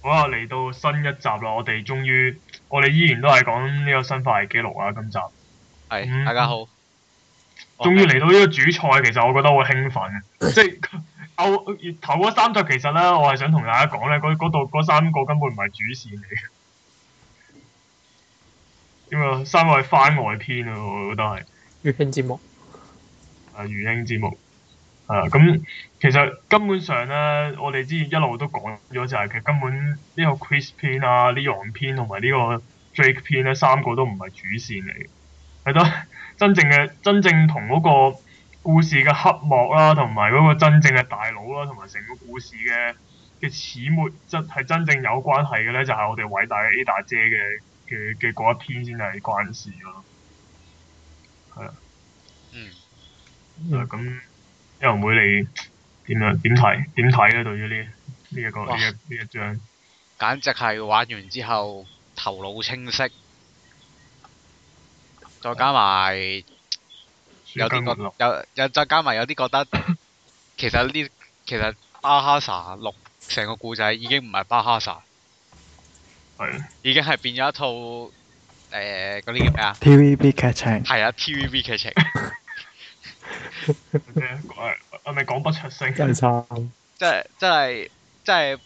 好啊！嚟到新一集啦，我哋終於，我哋依然都係講呢個新法系紀錄啊！今集係，是嗯、大家好，終於嚟到呢個主菜。其實我覺得好興奮嘅， 即係頭嗰三集。其實呢，我係想同大家講呢，嗰度嗰三個根本唔係主線嚟，因 為三個係番外篇啊，我覺得係。餘興節目。啊，餘興節目。係啊，咁其實根本上咧，我哋之前一路都講咗，就係其實根本呢個 Crispin 啊、呢樣篇同埋呢個 r a k e 篇咧，三個都唔係主線嚟，係得真正嘅真正同嗰個故事嘅黑幕啦、啊，同埋嗰個真正嘅大佬啦、啊，同埋成個故事嘅嘅始末真係真正有關係嘅咧，就係、是、我哋偉大嘅 a d 姐嘅嘅嘅嗰一篇先係關事咯。係啊，嗯，咁、嗯。嗯嗯。因為唔會你點樣點睇點睇咧？對於呢呢一個呢一呢一張，簡直係玩完之後頭腦清晰，再加埋有啲覺有有再加埋有啲覺得其實呢其實巴哈薩六成個故仔已經唔係巴哈薩，係的已經係變咗一套誒嗰啲叫咩啊 TVB 劇情係啊 TVB 劇情。 係，我我咪講不出聲，真係慘。即係，即係，即係，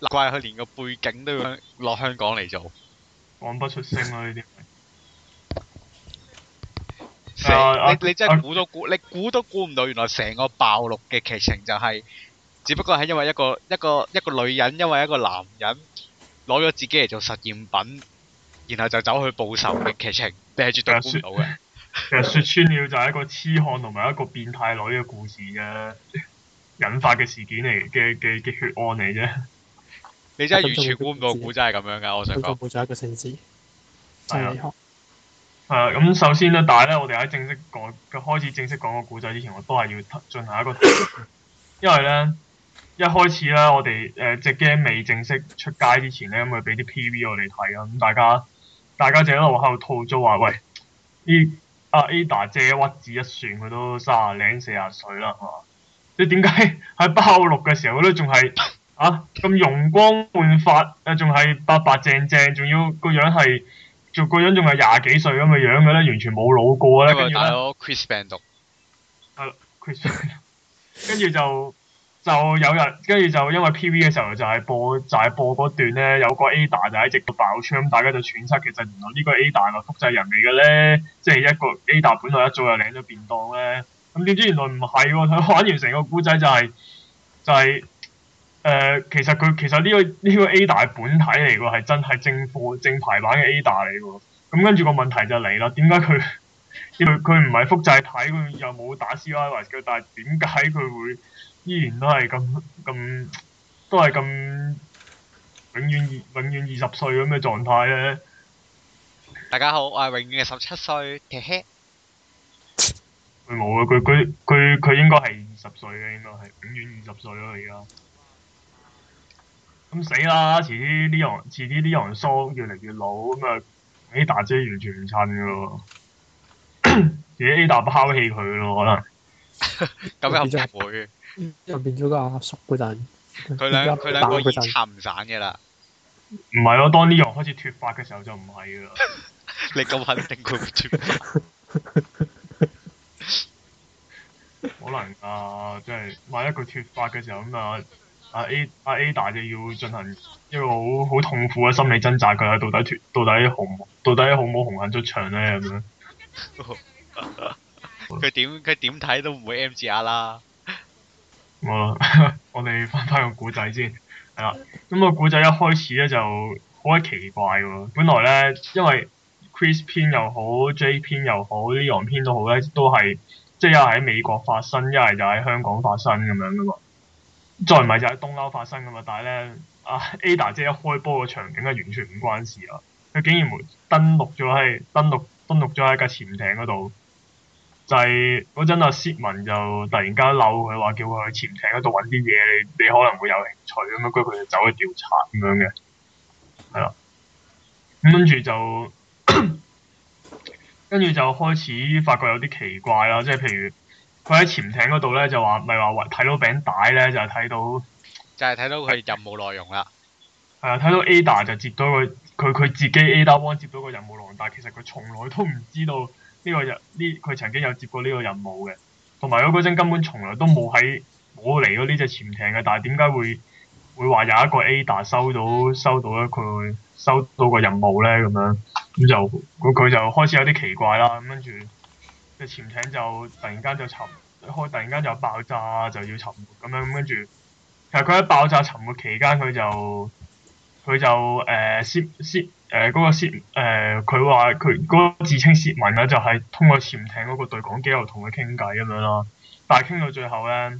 難怪佢連個背景都要落香港嚟做。講不出聲咯、啊，呢啲、啊啊。你你真係估都估，啊、你估都估唔到，原來成個暴露嘅劇情就係、是，只不過係因為一個一個一個，一個女人，因為一個男人，攞咗自己嚟做實驗品，然後就走去報仇嘅劇情，你係絕對估唔到嘅。 其實說穿了就係一個痴漢同埋一個變態女嘅故事嘅 引發嘅事件嚟嘅嘅嘅血案嚟啫。你真係完全估唔到個古仔係咁樣噶，我想講。古仔一個城市，係啊。誒，咁首先咧，但係咧，我哋喺正式講開始正式講個古仔之前，我都係要進行一個，一個因為咧一開始咧，我哋誒隻 game 未正式出街之前咧，咁佢俾啲 PV 我哋睇啊，咁大家大家就喺度喺度吐槽話喂，呢。阿、ah, Ada 借一屈指一算佢都三啊零四啊歲啦，係嘛？你點解喺包六嘅時候佢仲係啊咁容光煥發，誒仲係白白淨淨，仲要個樣係，仲個樣仲係廿幾歲咁嘅樣嘅咧，完全冇老過咧，跟住咧。Chris Benedict 係 Chris Benedict 跟住就。 就有人跟住就因為 P.V. 嘅時候就係播就係、是、播嗰段咧，有個 Ada 就一直爆槍，咁大家就揣測其實原來呢個 Ada 係複製人嚟嘅咧，即、就、係、是、一個 Ada 本來一早就領咗便當咧，咁點知原來唔係喎，佢玩完成個故仔就係、是、就係、是、誒、呃、其實佢其實呢、這個呢、這個 Ada 本體嚟喎，係真係正貨正牌版嘅 Ada 嚟喎，咁跟住個問題就嚟啦，點解佢因為佢唔係複製體，佢又冇打 C.I.Y.，但係點解佢會？依然都係咁咁，都係咁永遠二永遠二十歲咁嘅狀態咧。大家好，我係永遠嘅十七歲，茄茄。佢冇啊！佢佢佢佢應該係二十歲嘅，應該係永遠二十歲咯，而家。咁死啦！遲啲呢樣，遲啲呢樣，桑越嚟越老咁啊！Ada 姐完全唔襯噶喎，自己 Ada 拋棄佢咯，可能。咁又唔會，又變咗個阿叔嗰陣，那個，佢兩佢兩個已經唔散嘅啦。唔係咯，當呢樣開始脫髮嘅時候就唔係啦。 你咁肯定佢脫髮？可能啊，即係萬一佢脫髮嘅時候咁、嗯、啊，阿 A 阿 Ada 就要進行一個好好痛苦嘅心理掙扎，佢係到底脫到底紅，到底好冇紅杏出牆咧咁樣。 佢點佢點睇都唔會 M 字壓啦。我我哋翻翻個古仔先，係 啦。咁、嗯那個古仔一開始咧就好鬼奇怪喎。本來咧，因為 Chris 篇又好，J 篇又好，呢樣片都好咧，都係即係一係喺美國發生，一係就喺香港發生咁樣噶嘛。再唔係就喺東歐發生噶嘛。但係咧，啊 Ada 即係一開波個場景係，完全唔關事啊。佢竟然登錄咗喺登錄登錄咗喺架潛艇嗰度。就係嗰陣阿斯文就突然間嬲佢，話叫佢去潛艇嗰度揾啲嘢，你你可能會有興趣咁樣，跟佢就走去調查咁樣嘅，係啦。咁跟住就， 跟住就開始發覺有啲奇怪啦，即係譬如佢喺潛艇嗰度咧，就話咪話睇到餅帶咧，就係、係、睇到，就係睇到佢任務內容啦。係啊，睇到 Ada 就接到個佢佢自己 Ada 幫接到個任務內容，但係其實佢從來都唔知道。呢、這個人呢，佢、這個、曾經有接過呢個任務嘅，同埋佢嗰陣根本從來都冇喺我嚟過呢隻潛艇嘅，但係點解會會話有一個 Ada 收到收到咧佢收到個任務咧咁樣，咁就佢就開始有啲奇怪啦，咁跟住隻潛艇就突然間就沉，開突然間就爆炸就要沉沒咁樣，咁跟住其實佢喺爆炸沉沒期間佢就佢就誒先先。呃誒嗰、呃那個泄佢話佢個自稱涉民啊，就係、是、通過潛艇嗰個對講機又同佢傾偈咁樣咯。但係傾到最後咧，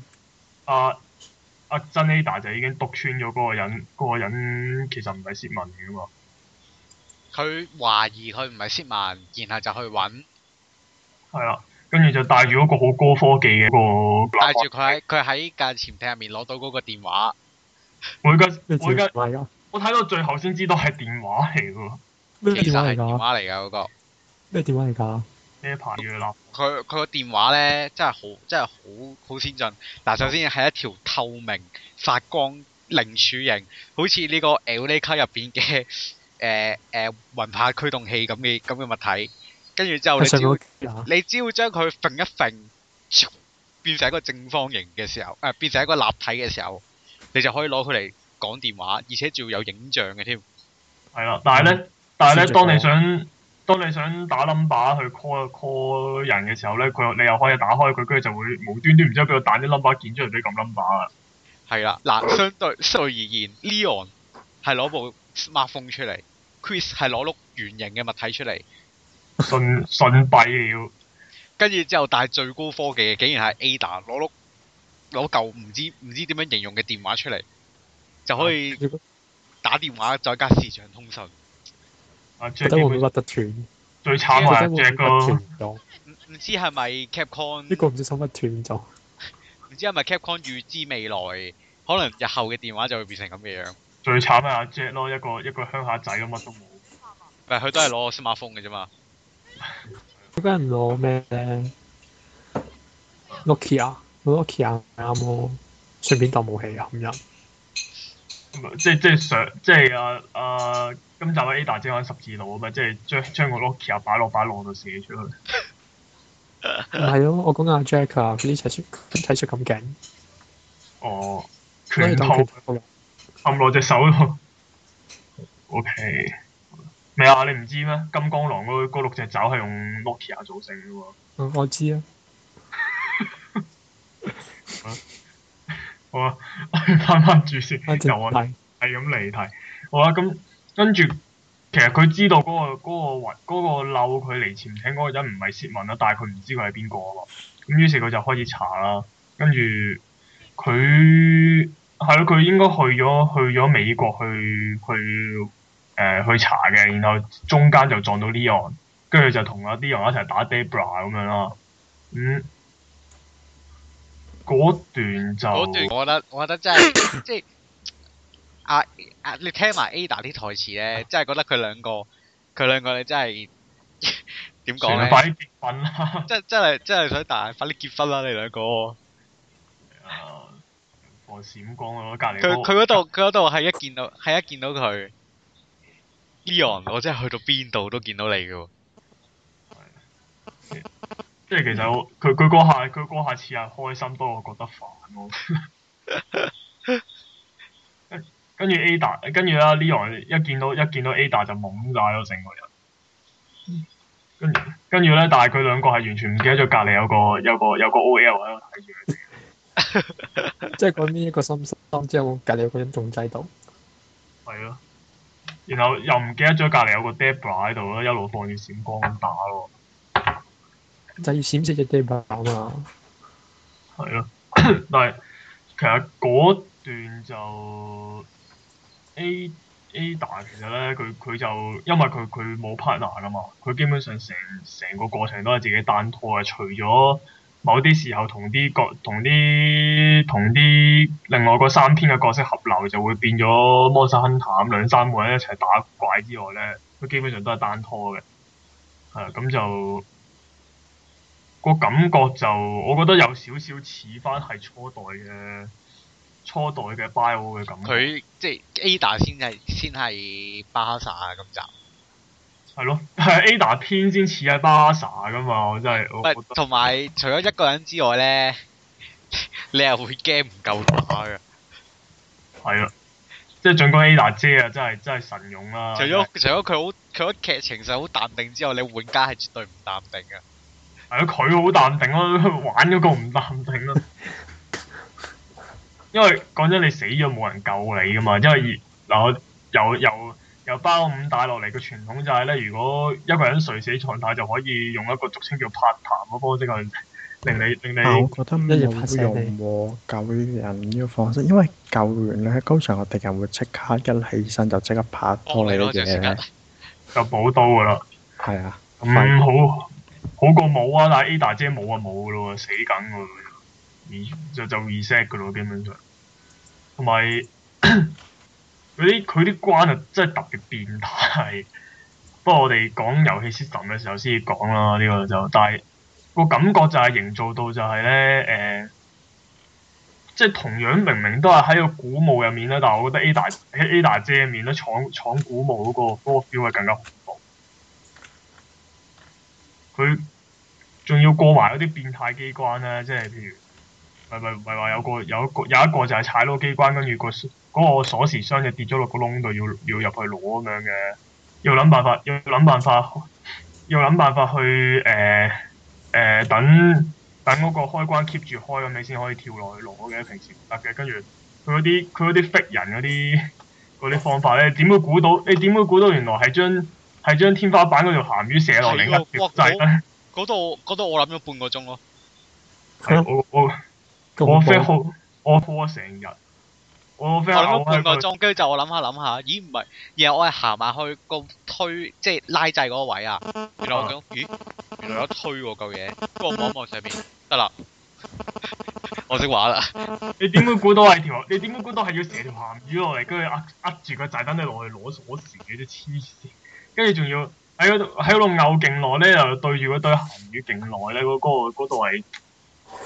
阿阿珍妮達就已經篤穿咗嗰個人，嗰、那個人其實唔係涉民嘅噶嘛。佢懷疑佢唔係涉民，然後就去揾。係啊，跟住就帶住嗰個好高科技嘅嗰個。帶住佢喺佢喺架潛艇入面攞到嗰個電話。 每家每家。我睇到最後先知道係電話嚟喎，咩電話嚟㗎？那個、電話嚟㗎嗰個，咩電話嚟㗎呢 Apple 佢佢個電話咧，真係好真係好好先進。嗱，首先係一條透明發光菱柱形，好似呢個 Lego 入邊嘅誒誒雲塊驅動器咁嘅咁嘅物體。跟住之後，你只要你只要將佢揈一揈，變成一個正方形嘅時候，誒、呃、變成一個立體嘅時候，你就可以攞佢嚟。講電話，而且仲要有影像嘅添。係啦、嗯，但係咧，但係咧，當你想當你想打 number 去 call call 人嘅時候咧，佢你又可以打開佢，佢就會無端端然之後俾佢彈啲 number 出嚟俾撳 number 啊。係啦，嗱，相對、呃、相對而言，Leon 係攞部 smartphone 出嚟，Chris 係攞碌圓形嘅物體出嚟。信信 弊了。跟住之後，但係最高科技嘅竟然係 Ada 攞碌攞嚿唔知唔知點樣形容嘅電話出嚟。就可以打電話，再加視像通訊。阿 Jack 會唔會甩得斷？最慘啊，阿唔知係咪 Capcom？呢個唔知收乜斷咗？唔知係咪 Capcom 預知未來，可能日後嘅電話就會變成咁嘅樣。最慘啊，阿 Jack 咯，一個一個鄉下仔，咁乜都冇。佢、啊、都係攞個絲馬鋒嘅啫嘛。佢嗰唔攞咩咧？Nokia，攞 Nokia，我覺得 Nokia 啱咯，順便當武器啊咁樣。即上即上即係啊，啊，今集威 Ada 正喺十字路啊嘛！即係將將個 Nokia 擺落擺落度射出去。係咯、嗯，我講緊阿 Jack 啊，佢啲睇出睇出咁勁。哦，佢頭暗落隻手咯。O K，咩啊？你唔知咩？金剛狼嗰六隻爪係用 Nokia、ok、組成噶喎、嗯。我知 啊。好啊，翻返住先，又看我係咁離題。好啦，咁跟住，其實佢知道嗰、那個嗰、那個佢嚟潛艇嗰個人唔係薛民啦，但係佢唔知佢係邊個啊嘛。咁於是佢就開始查啦，跟住佢係咯，佢應該去咗去咗美國去去誒、呃、去查嘅，然後中間就撞到 Leon，跟住就同 Leon 一齊打 Debra 咁樣啦。嗯。段就，段我，我覺得我、啊啊、覺得真係即係阿阿你聽埋 Ada 啲台詞咧，真係覺得佢兩個佢兩個你真係點講咧？快啲結婚啦！即係真係真係想大，快啲結婚啦！你兩個，我、啊、閃光隔籬。佢佢嗰度佢嗰度係一見到係一見到佢 Leon，我真係去到邊度都見到你嘅。即係其實佢佢嗰下佢嗰下似係開心多，我覺得煩咯。 跟住 Ada，跟住咧 Leon 一見到一見到 Ada 就懵晒咯，成個人。跟住跟住咧，但係佢兩個係完全唔記得咗隔離有個有個有個 OL 喺度睇住佢。即係嗰邊一個心心即係我隔離有個人仲喺度，係咯。然後又唔記得咗隔離有個 Debra 喺度啦，一路放住閃光咁打喎、啊。就要閃射只地爆啊！係啊， 但係其實嗰段就 Ada 其實咧，佢佢就因為佢佢冇 partner 噶嘛，佢基本上成成個過程都係自己單拖啊！除咗某啲時候同啲角同啲同啲另外嗰三天嘅角色合流，就會變咗 Monster Hunter 兩三個人一齊打怪之外咧，佢基本上都係單拖嘅。係咁就～我感覺就，我覺得有少少似翻係初代嘅初代嘅 Bio 嘅感覺。佢即係 Ada 先係先係巴薩咁就。係咯，Ada 偏先似係巴薩噶嘛，我真係我，唔係，同埋除咗一個人之外咧， 你又會驚唔夠打嘅。係 啊，即係盡管 Ada 姐啊，真係真係神勇啦！除咗除咗佢好，佢劇情上好淡定之外，你玩家係絕對唔淡定嘅。係佢好淡定咯、啊，玩嗰個唔淡定咯、啊。因為講真，你死咗冇人救你噶嘛，因為嗱我由由由包五帶落嚟嘅傳統就係、是、咧，如果一個人垂死狀態就可以用一個俗稱叫拍彈嘅方式去令你令你。你你啊、覺得冇用喎，救人呢個方式，因為救完咧，高場嘅敵人會即刻一起身就即刻拍拖你咯，自己、喔、就補刀噶啦。係啊。唔咁、嗯、的好。好過冇啊，但係 Ada 姐冇啊冇噶咯喎，死梗喎，就就 reset 噶咯，基本上。同埋啲佢啲關啊，真係特別變態。不過我哋講遊戲 system 嘅時候先講啦，呢、這個就，但係個感覺就係、是、營造到就係咧誒，即、呃、係、就是、同樣明明都係喺個古墓入面啦，但係我覺得 Ada 喺 Ada 姐入面咧闖闖古墓嗰個嗰個 feel 係更加佢仲要過埋嗰啲變態機關啦，即係譬如唔係唔係話有個有一個有一個就係踩到機關，跟住個嗰個鎖匙箱就跌咗落個窿度，要要入去攞咁樣嘅，要諗辦法要諗辦法要諗辦法去誒誒、呃呃、等等嗰個開關 keep 住開咁你先可以跳落去攞嘅，平時唔得嘅。跟住佢嗰啲佢嗰啲 fit 人嗰啲嗰啲方法咧，點會估到你點、欸、會估到原來係將？係將天花板嗰條鹹魚射落嚟噶炸彈嗰度嗰度我諗咗 半個鐘咯。我我我好，我鋪咗成日，我飛好耐。半個鐘，跟住就我諗下諗下，咦唔係，然後，想想想想後，我係行埋去個推，即係拉掣嗰個位啊。原來我講、啊、咦，原來有推喎嚿嘢。跟住望望上邊， 得啦，我識玩啦。你點會估到係條？你點會估到係要射條鹹魚落嚟，跟住扼扼住個掣等你落去攞鎖匙嘅啫黐線。跟住仲要喺嗰度喺度拗勁耐咧，又對住嗰對鹹魚勁耐咧，嗰、嗰個嗰度係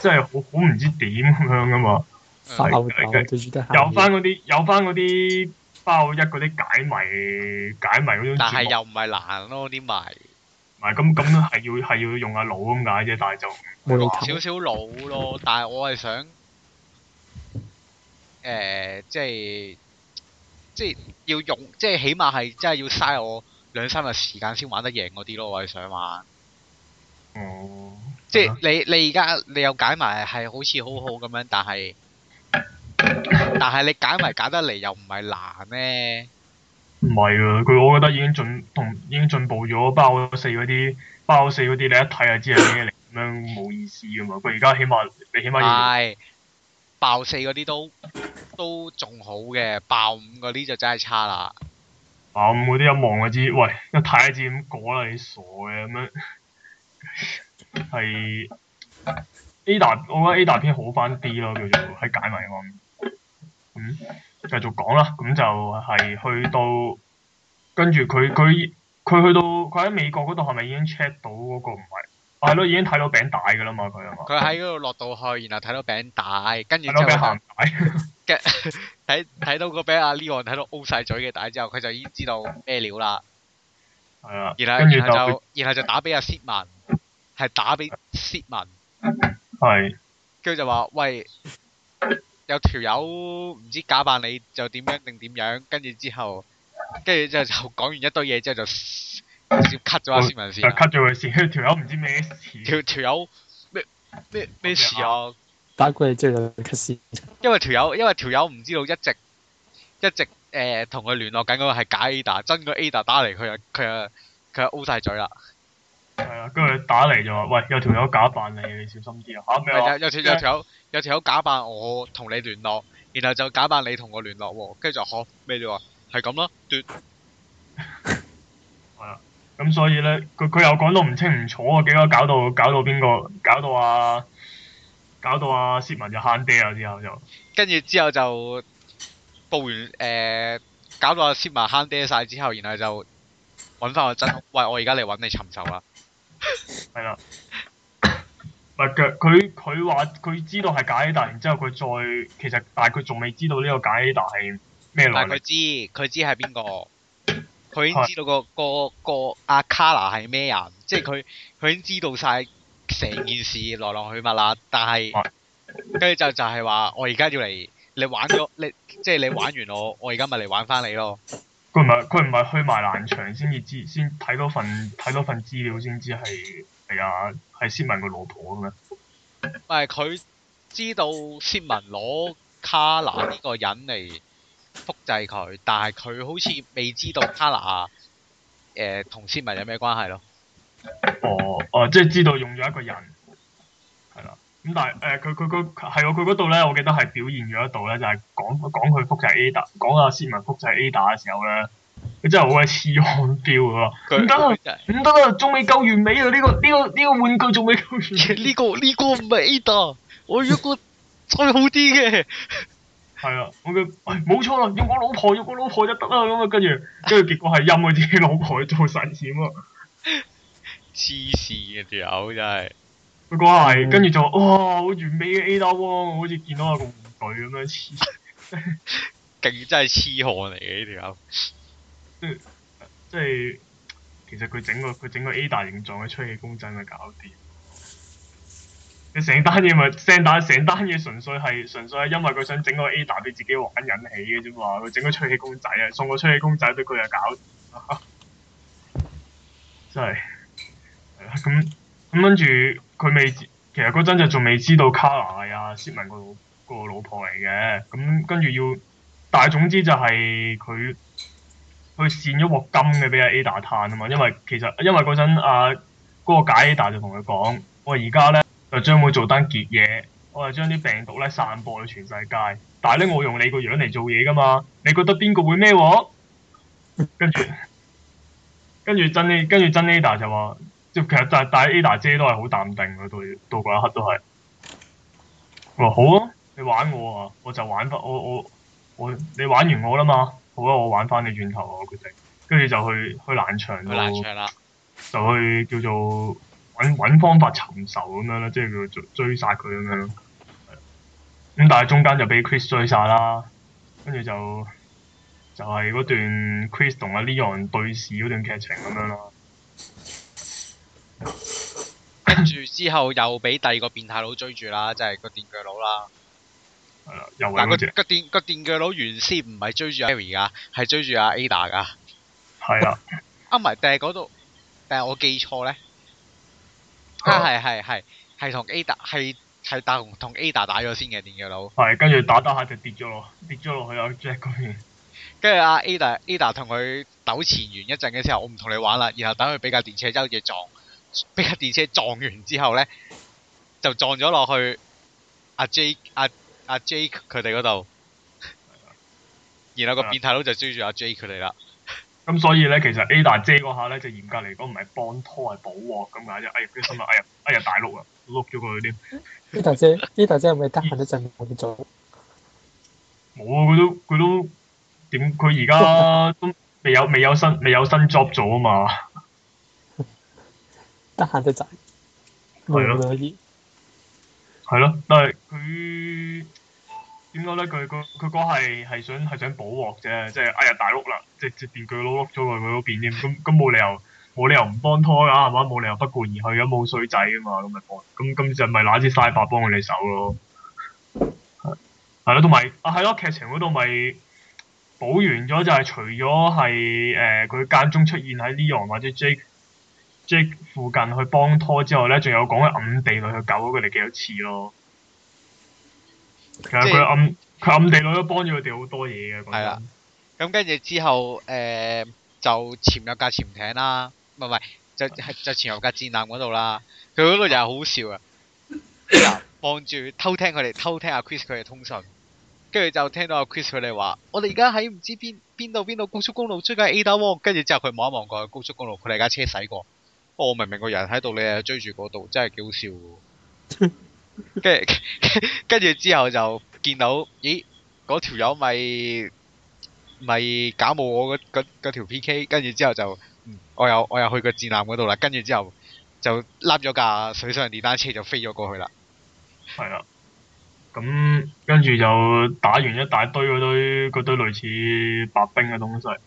真係好好唔知點咁樣噶嘛。嗯、有翻嗰啲有翻嗰啲包一嗰啲解謎解謎迷解謎嗰種，但係又唔係難咯啲謎。唔係咁咁係要係要用下腦咁解啫，但係就少少腦咯。但係我係想誒、呃，即係即係要用，即係起碼係真係要嘥我兩三日時間先玩得贏嗰啲咯，我係想玩。哦、嗯，即係、嗯、你你而家你又解埋係好似好好咁樣，但係 但係你解埋解得嚟又唔係難咧。唔係啊，佢我覺得已經進同已經進步咗， 爆四嗰啲，爆四嗰啲你一睇就知係咩嚟，咁樣冇意思噶嘛。佢而家起碼你起碼要爆四嗰啲都都仲好嘅，爆五嗰啲就真係差啦。啊！我啲一望我知，喂，一睇就知咁過啦！你傻嘅咁樣，係 A 大， ADA，我覺得 A 大篇好翻啲咯，叫做喺解謎方面。嗯，繼續講啦，咁就係去到，跟住佢佢佢去到，佢喺美國嗰度係咪已經 check 到嗰個唔係？係咯、啊，已經睇到餅帶嘅啦嘛，佢係佢喺嗰度落到去，然後睇到餅帶，跟住之後，睇到睇 到個餅阿 Leon 睇到 O 曬嘴嘅帶之後，佢就已經知道咩料啦。然後，然後就，然後就打俾阿薛文，係打俾薛文。跟住就話：喂，有條友唔知假扮你，就點樣定點樣？跟住之後，跟住之後就講完一堆嘢之後就。先 cut 咗阿斯文先，cut 咗佢先。條友唔知咩事，條條友咩咩咩事啊？打過嚟之後就 cut 先。因為條友，因為條友唔知道一直一直誒同佢聯絡緊嗰個係假 Ada，真個 Ada 打嚟，佢啊佢啊佢啊 o 晒嘴啦。係啊，跟住打嚟就話，喂，有條友假扮你，你小心啲啊吓，咩，有條有條友 Yeah. 有條友假扮我同你聯絡，然後就假扮你同我聯絡喎，跟住就呵，咩料啊？係咁咯， 咁所以咧，佢佢又講到唔清唔楚啊！結果搞到搞到邊個，搞到啊？搞到阿、啊、薛文就慳爹啊！之後就跟住之後就報完誒、呃，搞到阿、啊、薛文慳爹晒之後，然後就揾翻個真，喂！我而家嚟揾你尋仇啊！係 啦的，唔係佢佢話佢知道係假 A 打，然之後佢再其實，但係佢仲未知道呢個假 A 打係咩來。但佢，啊、知，佢知係邊個？佢已經知道、那個、啊、個個阿、啊、卡拉係咩人，即係佢佢已經知道晒成件事來龍去脈啦。但係，跟住、啊、就就係話，我而家要嚟，你玩咗你，即係你玩完我，我而家咪嚟玩翻你咯。佢唔係佢唔係去埋蘭場先至知，先睇多份睇多份資料先知係係啊，係斯文個老婆啊嘛。係佢知道斯文攞卡拉呢個人嚟。複製佢，但係佢好似未知道卡娜，誒、呃，同斯文有咩關係咯？哦，哦、啊，即係知道用咗一個人，係啦。咁但係誒，佢佢佢係佢嗰度咧，我記得係表現咗一度咧，就係講講佢複製 Ada，講下斯文複製 Ada 嘅時候咧，佢真係好鬼痴憨彪噶咯。唔得啊！唔得啊！仲未夠完美啊！呢、這個呢、這個呢、這個玩具仲未夠完美、啊這個。呢、這個呢個唔係 Ada 我要個再好啲嘅。係啊，我嘅，喂、哎，冇錯啦，要我老婆，要我老婆就得啦，咁啊，跟住，跟住結果係陰佢自己老婆去做神似，咁黐線啊，條友真係，佢講係，跟住、嗯、就，哇，好完美嘅 Ada Wong，我好似見到一個玩具咁樣似，勁 真係黐汗嚟嘅呢條友，即係，其實佢整個佢整個 Ada 形狀嘅吹氣公仔嘅搞掂。你成單嘢咪聲打成單嘢，純粹係純粹係因為佢想整個 Ada 俾自己玩引起嘅啫嘛。佢整個吹氣公仔啊，送個吹氣公仔俾佢又搞， 真係咁咁跟住佢未，其實嗰陣就仲未知道 Carla 啊 Simon 個個老婆嚟嘅。咁、嗯、跟住要，但係總之就係佢去扇咗鑊金嘅俾阿 Ada 嘆啊嘛。因為其實因為嗰陣啊嗰、嗰個假 Ada 就同佢講：我而家咧。就將會做單傑嘢，我係將啲病毒咧散播去全世界。但係咧，我用你個樣嚟做嘢噶嘛？你覺得邊個會咩喎？跟住，跟住真啲，跟住真 Ada 就話，即係其實但係 Ada 姐都係好淡定嘅，到到一刻都係。話好啊，你玩我啊，我就玩翻我我我，你玩完我啦嘛？好啊，我玩翻你轉頭我決定，跟住就去去冷場，去冷場啦，就去叫做。搵方法尋仇咁樣啦，即係佢追追殺佢咁樣。咁但係中間就俾 Chris 追殺啦，跟住就就係嗰段 Chris 同阿 Leon 對視嗰段劇情咁樣啦。跟住之後又俾第二個變態佬追住啦，即係個電鋸佬啦。係啊，又嗰隻。個電個電鋸佬原先唔係追住 Harry 噶，係追住阿 Ada 噶。係啊。啊，唔係定係嗰度？定係我記錯咧？啊，係係係，係同 Ada 係係打同同 Ada 打咗先嘅電鋸佬。係、嗯，跟住打打下就跌咗落，跌咗落去阿、啊、Jack 嗰邊。跟住阿 Ada，Ada 同佢糾纏完一陣嘅時候，我唔同你玩啦，然後等佢俾架電車周嘢撞，俾架電車撞完之後咧，就撞咗落去阿 Jake 阿阿 Jake 佢哋嗰度，然後個變態佬就追住阿 Jake 佢哋啦。的咁所以咧，其實 Ada 姐嗰下咧，就嚴格嚟講唔係幫拖，係補鍋咁解啫。哎呀，跟住心諗哎呀，哎呀，大碌啊，碌咗佢添 Ada 姐 Ada 姐係咪得閒一陣冇做？冇，佢都佢都點？佢而家都未有未有新未有新 job 做啊嘛？得閒得滯，係咯、嗯，係咯、啊嗯嗯嗯嗯，但係佢。點解咧？佢佢佢講係係想係想補鑊啫，即係哎呀大碌啦，即係變佢碌碌咗去佢嗰邊添，咁咁冇理由冇理由唔幫拖啊嘛，冇理由不顧而去忙忙 啊，冇衰仔啊嘛，咁咪幫，咁咁就咪攞支曬白幫佢哋手咯。係係咯，同埋啊係咯，劇情嗰度咪補完咗，就係、是、除咗係誒佢間中出現喺 Leon 或者 Jake Jake 附近去幫拖之外咧，仲有講緊暗地裏去救咗佢哋幾多次咯。其實佢暗佢是暗地裏都幫咗佢哋好多嘢嘅，咁樣。係啦，咁跟住之後，誒、呃，就潛入架潛艇啦，唔係唔係，就係就潛入架戰艦嗰度啦。佢嗰度又係好笑嘅，望住 偷聽佢哋偷聽阿 Chris 佢嘅通訊，跟住就聽到阿 Chris 佢哋話：我哋而家喺唔知邊邊度邊度高速公路追緊 A.W.，跟住之後佢望一望個高速公路，佢哋架車駛過，我明明個人喺度，你又追住嗰度，真係幾好笑跟住， 之後就見到，咦，嗰條友咪咪假冒我嗰條 P.K.，跟住之後就，嗯、我又我又去個戰艦嗰度啦，跟住之後就笠咗架水上電單車就飛咗過去啦。係啊，咁跟住就打完一大堆嗰堆堆類似白兵嘅東西。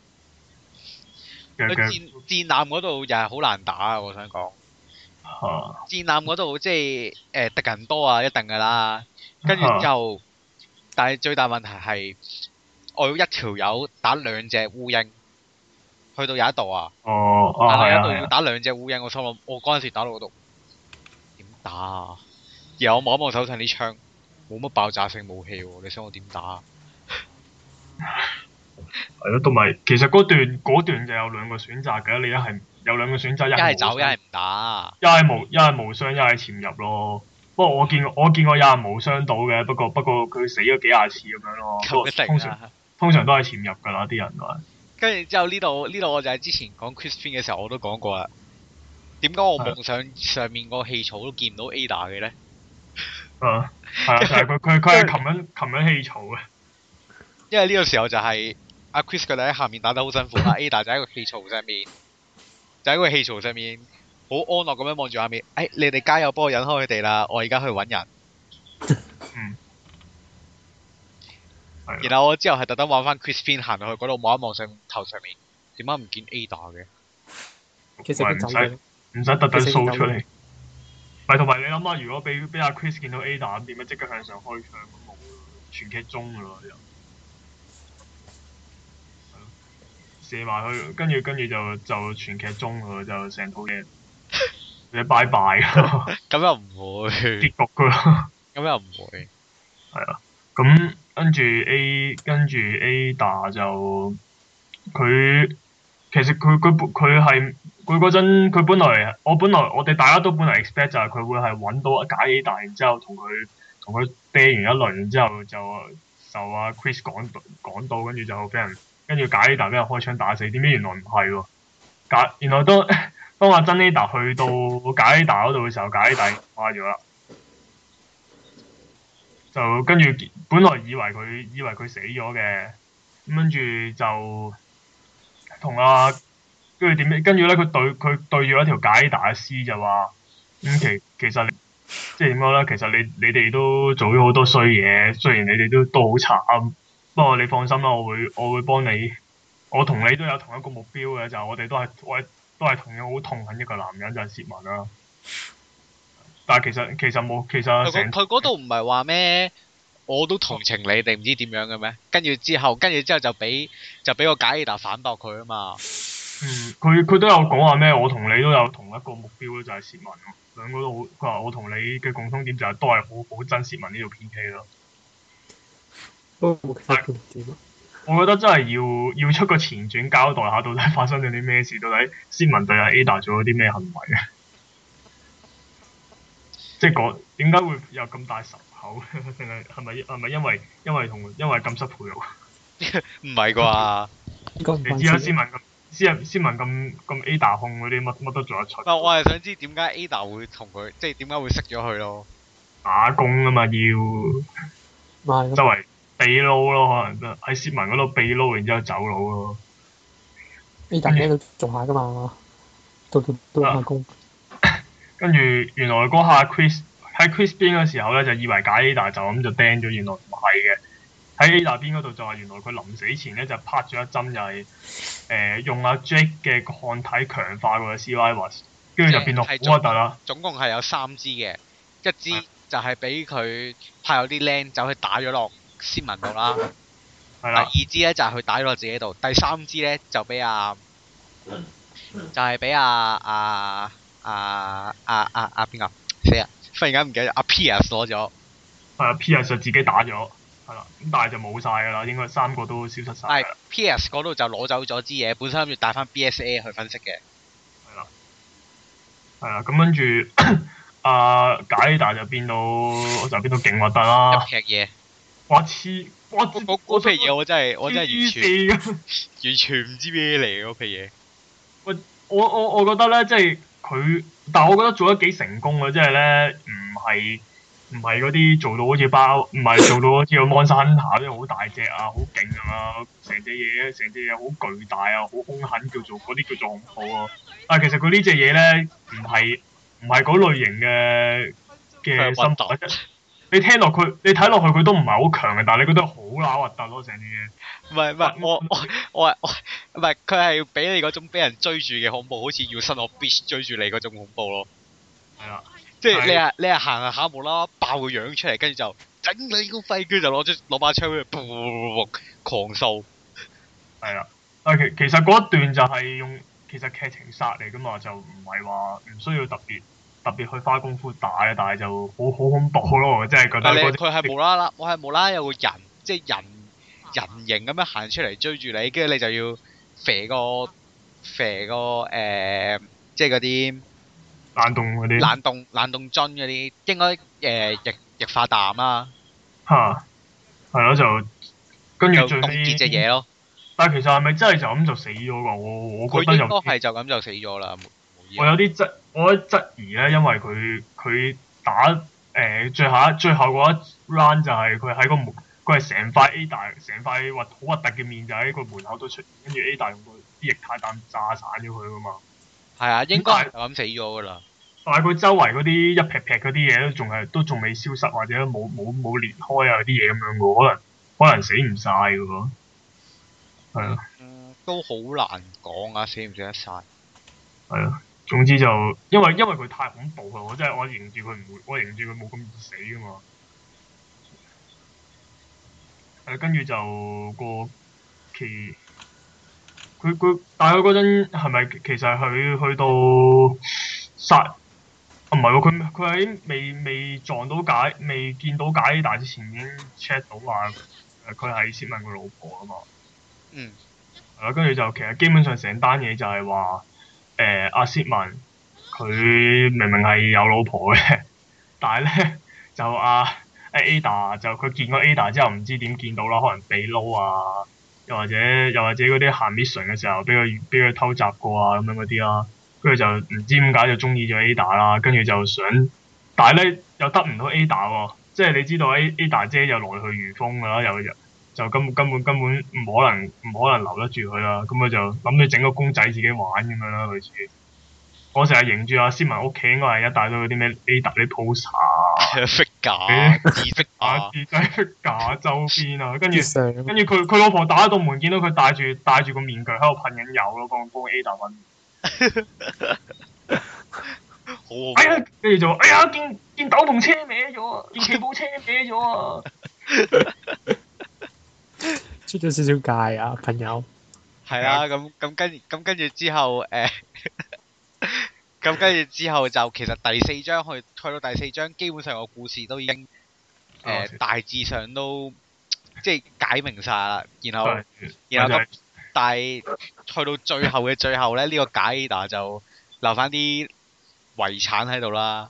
就係、戰戰艦嗰度又係好難打啊！我想講。戰艦嗰度即係誒，敵人多啊，一定噶啦。跟住之後，但係最大問題係我有一條友打兩隻烏鷹，去到有一度啊哦。哦，係、哦、啊有一度要打兩隻烏鷹，我心諗我嗰陣時打到度點打啊？然後我望一望手上啲槍，冇乜爆炸性武器、啊，你想我點打、啊？ 係咯，同埋其實嗰段嗰段就有兩個選擇嘅，你一係有兩個選擇，一係走，一係唔打，一係無一係無傷，一係潛入咯。不過我見過我見過有人無傷到嘅，不過不過佢死咗幾廿次咁樣咯。可可通常通常都係潛入噶啦，啲人話。跟住之後呢度呢度我就係之前講 Christine 嘅時候我都講過啦。點解我望上上面個氣草都見唔到 Ada 嘅咧？係啊，佢佢佢係琴日琴日氣草嘅，因為呢個時候就係、是。阿 Chris 佢哋喺下面打得好辛苦，阿 Ada 就喺個氣槽上面，就喺個氣槽上面好安樂咁樣望住下面。哎，你哋加油，幫我引開佢哋啦，我而家去搵人。嗯。 然後我之後係特登揾翻 Chris 先行去嗰度望一望上頭上面，點解唔見 Ada 嘅？其實唔使唔使特登掃出嚟。係，同埋你諗下，如果俾俾阿 Chris 見到 Ada 咁點啊？即刻向上開槍，冇咯，全劇終。噶射埋去，跟住跟住就就全劇終咯，就成套嘢，你拜拜咯。咁又唔會？ 結局噶咯。咁又唔會？係啊、嗯。咁、嗯、跟住 A，跟住 Ada 就佢其實佢佢佢係佢嗰陣佢本來我本來我哋大家都本來 expect 就係佢會係揾到解 A 大，然之後同佢同佢啤完一輪，然之後就受阿、啊、Chris 講講到，跟住就俾人。跟住解伊達俾人開槍打死，點知原來唔係喎。解，然後當當阿珍伊達去到解伊達嗰度嘅時候，解伊達掛咗啦。就跟住，本來以為佢以為佢死咗嘅，咁跟住就同阿跟住點咧？跟住咧，佢對佢對住一條解伊達嘅屍就話：咁、嗯、其其實即係點講咧？其實你其實你哋都做咗好多衰嘢，雖然你哋都都好慘。不過你放心啦，我會我會幫你，我同你都有同一個目標嘅，就係，我哋都係我都係同樣好痛恨一個男人就係涉民啦。但係其實其實冇其實佢嗰度唔係話咩，我都同情你定唔知點樣嘅咩？跟住之後跟住之後就俾就俾個解答反駁佢啊嘛。嗯，佢佢都有講話咩？我同你都有同一個目標咧，就係涉民咯。兩個都好佢話，我同你嘅共通點就係，是，都係好好憎涉民呢個偏激咯。都唔得點啊！我覺得真係要要出個前傳交代下，到底發生咗啲咩事？到底斯文對阿 Ada 做咗啲咩行為啊？即係講點解會有咁大仇口咧？係咪係咪因為因為同因為咁失配啊？唔係啩？你知啊，斯文咁斯斯文咁咁 Ada 控嗰啲乜乜都做得出。但我係想知點解 Ada 會同佢，即係點解會識咗佢咯？打工啊嘛，要周圍。避撈咯，可能喺市民嗰度避撈，然之後走佬咯。A 大 iden 咧後都做下噶嘛，都都有一份工。跟住、啊、原來嗰下 Chris 喺 Chris 邊嘅時候咧，就以為解 A 大就咁就釘咗，原來唔係嘅。喺 A 大邊嗰度就話原來佢臨死前咧就拍咗一針，就係，就係誒用阿 Jack 嘅抗體強化過嘅 cywas，跟住就變到 g o o 啦。總共係有三支嘅，一支就係俾佢派有啲靚走去打咗落。先聞到啦，第二、啊、支咧就係、是、佢打咗落自己度，第三支咧就俾阿、啊、就係俾阿阿阿阿阿邊個？死啊！忽然間唔記得阿、啊、Piers 攞咗，係阿 Piers 自己打咗，係、嗯、啦。咁但係就冇晒噶啦，應該三個都消失曬。係、啊、Piers 嗰度就攞走咗支嘢，本身諗住帶翻 BSA 去分析嘅。係啦、啊。係、啊、啦，咁跟住阿解達就變到就變到勁核突啦！一劇嘢。哇哇我黐！我我嗰皮嘢我真係我真係完全 完全唔知咩嚟嘅嗰皮嘢。我我我我覺得咧，即係佢，但我覺得做得幾成功啊！即係咧，唔係唔係嗰啲做到好似包，唔係做到好似《Monster Hunter》咁樣好大隻啊，好勁啊，成隻嘢，成隻嘢好巨大啊，好兇狠，叫做嗰啲叫做恐龍啊。但係其實佢呢隻嘢咧，唔係唔係嗰類型嘅嘅生物。你聽落去，你睇落去佢都唔係好強嘅，但係你覺得好乸核突咯，成啲嘢。唔係唔係我我我我唔係佢係俾你嗰種俾人追住嘅恐怖，好似要伸落 bitch 追住你嗰種恐怖咯。係啊，即係你係、啊、你係、啊、行下無啦啦爆個樣出嚟，跟住就整你個肺，跟住就攞攞把槍去 boom boom boom 狂掃。係啊，但其其實嗰一段就係用其實劇情殺嚟噶嘛，就唔係話唔需要特別，特別去花功夫打嘅，但係就好好恐怖咯，我真係覺得、嗰個。但你佢係無啦啦，我係無啦有個人，即係人人形咁樣行出嚟追住你，跟住你就要肥個肥個誒、呃，即係嗰啲冷凍嗰啲。冷凍冷凍樽嗰啲，應該誒液液化氮啦。吓、呃，係咯、啊、就。跟住就最啲。凍結嘅嘢咯。但係其實係咪真係就咁就死咗噶？我我覺得就。佢應該係就咁就死咗啦。我有啲質。我咧質疑咧，因為佢佢打誒、呃、最、最後最後嗰一 round 就係佢喺個門，佢係成塊 a 大，成塊核好核突嘅面就喺個門口都出現，跟住 a 大 a 用個液態彈炸散咗佢噶嘛。係啊，應該係咁死咗噶啦。但係佢周圍嗰啲一劈劈嗰啲嘢都仲係，都仲未消失或者冇冇冇裂開啊啲嘢咁樣噶，可能可能死唔晒噶喎。係啊。嗯嗯、都好難講啊，死唔死得晒。係啊。總之就，因為因為佢太恐怖啦，我真係我認住佢唔會，我認住佢冇咁易死噶嘛。誒、啊，跟住就個期，佢佢但係嗰陣係咪其實佢去，去到殺，唔係喎，佢佢喺未未撞到解未見到解但之前已經 check 到話，誒，佢係先問佢老婆啊嘛。嗯。係，跟住就其實基本上成單嘢就係話。誒阿薛文，佢明明係有老婆嘅，但係咧就阿、啊欸、Ada 就佢見過 Ada 之後唔知點見到啦，可能被撈啊，又或者又或者嗰啲行 mission 嘅時候俾佢俾佢偷襲過啊，咁樣嗰啲啦，跟住就唔知點解就中意咗 Ada 啦，跟住就想，但係咧又得唔到 Ada 喎、哦，即係你知道 A, A, Ada 姐又來去如風㗎啦，又～就根根本根本唔可能唔可能留得住佢啦，咁佢就諗住整個公仔自己玩咁樣啦類似。我成日迎住阿斯文屋企，應該係一帶到嗰啲咩 ADA 啲 poster 啊 f 周邊啊，跟住跟住佢佢老婆打到門，見到佢戴住戴住個面具喺度噴緊油咯，幫幫 ADA。 好美。哎跟住就話，哎呀，見見，見斗篷車歪咗，見佢部車歪咗啊！ 出咗少少界啊，朋友。係啊，咁咁跟咁跟住之後，誒、欸，咁 跟住之後就其實第四章去去到第四章，基本上個故事都已經誒、呃、大致上都即係解明晒啦。然後然後咁，但係去到最後嘅最後咧，呢個賈妮娜就留翻啲遺產喺度啦。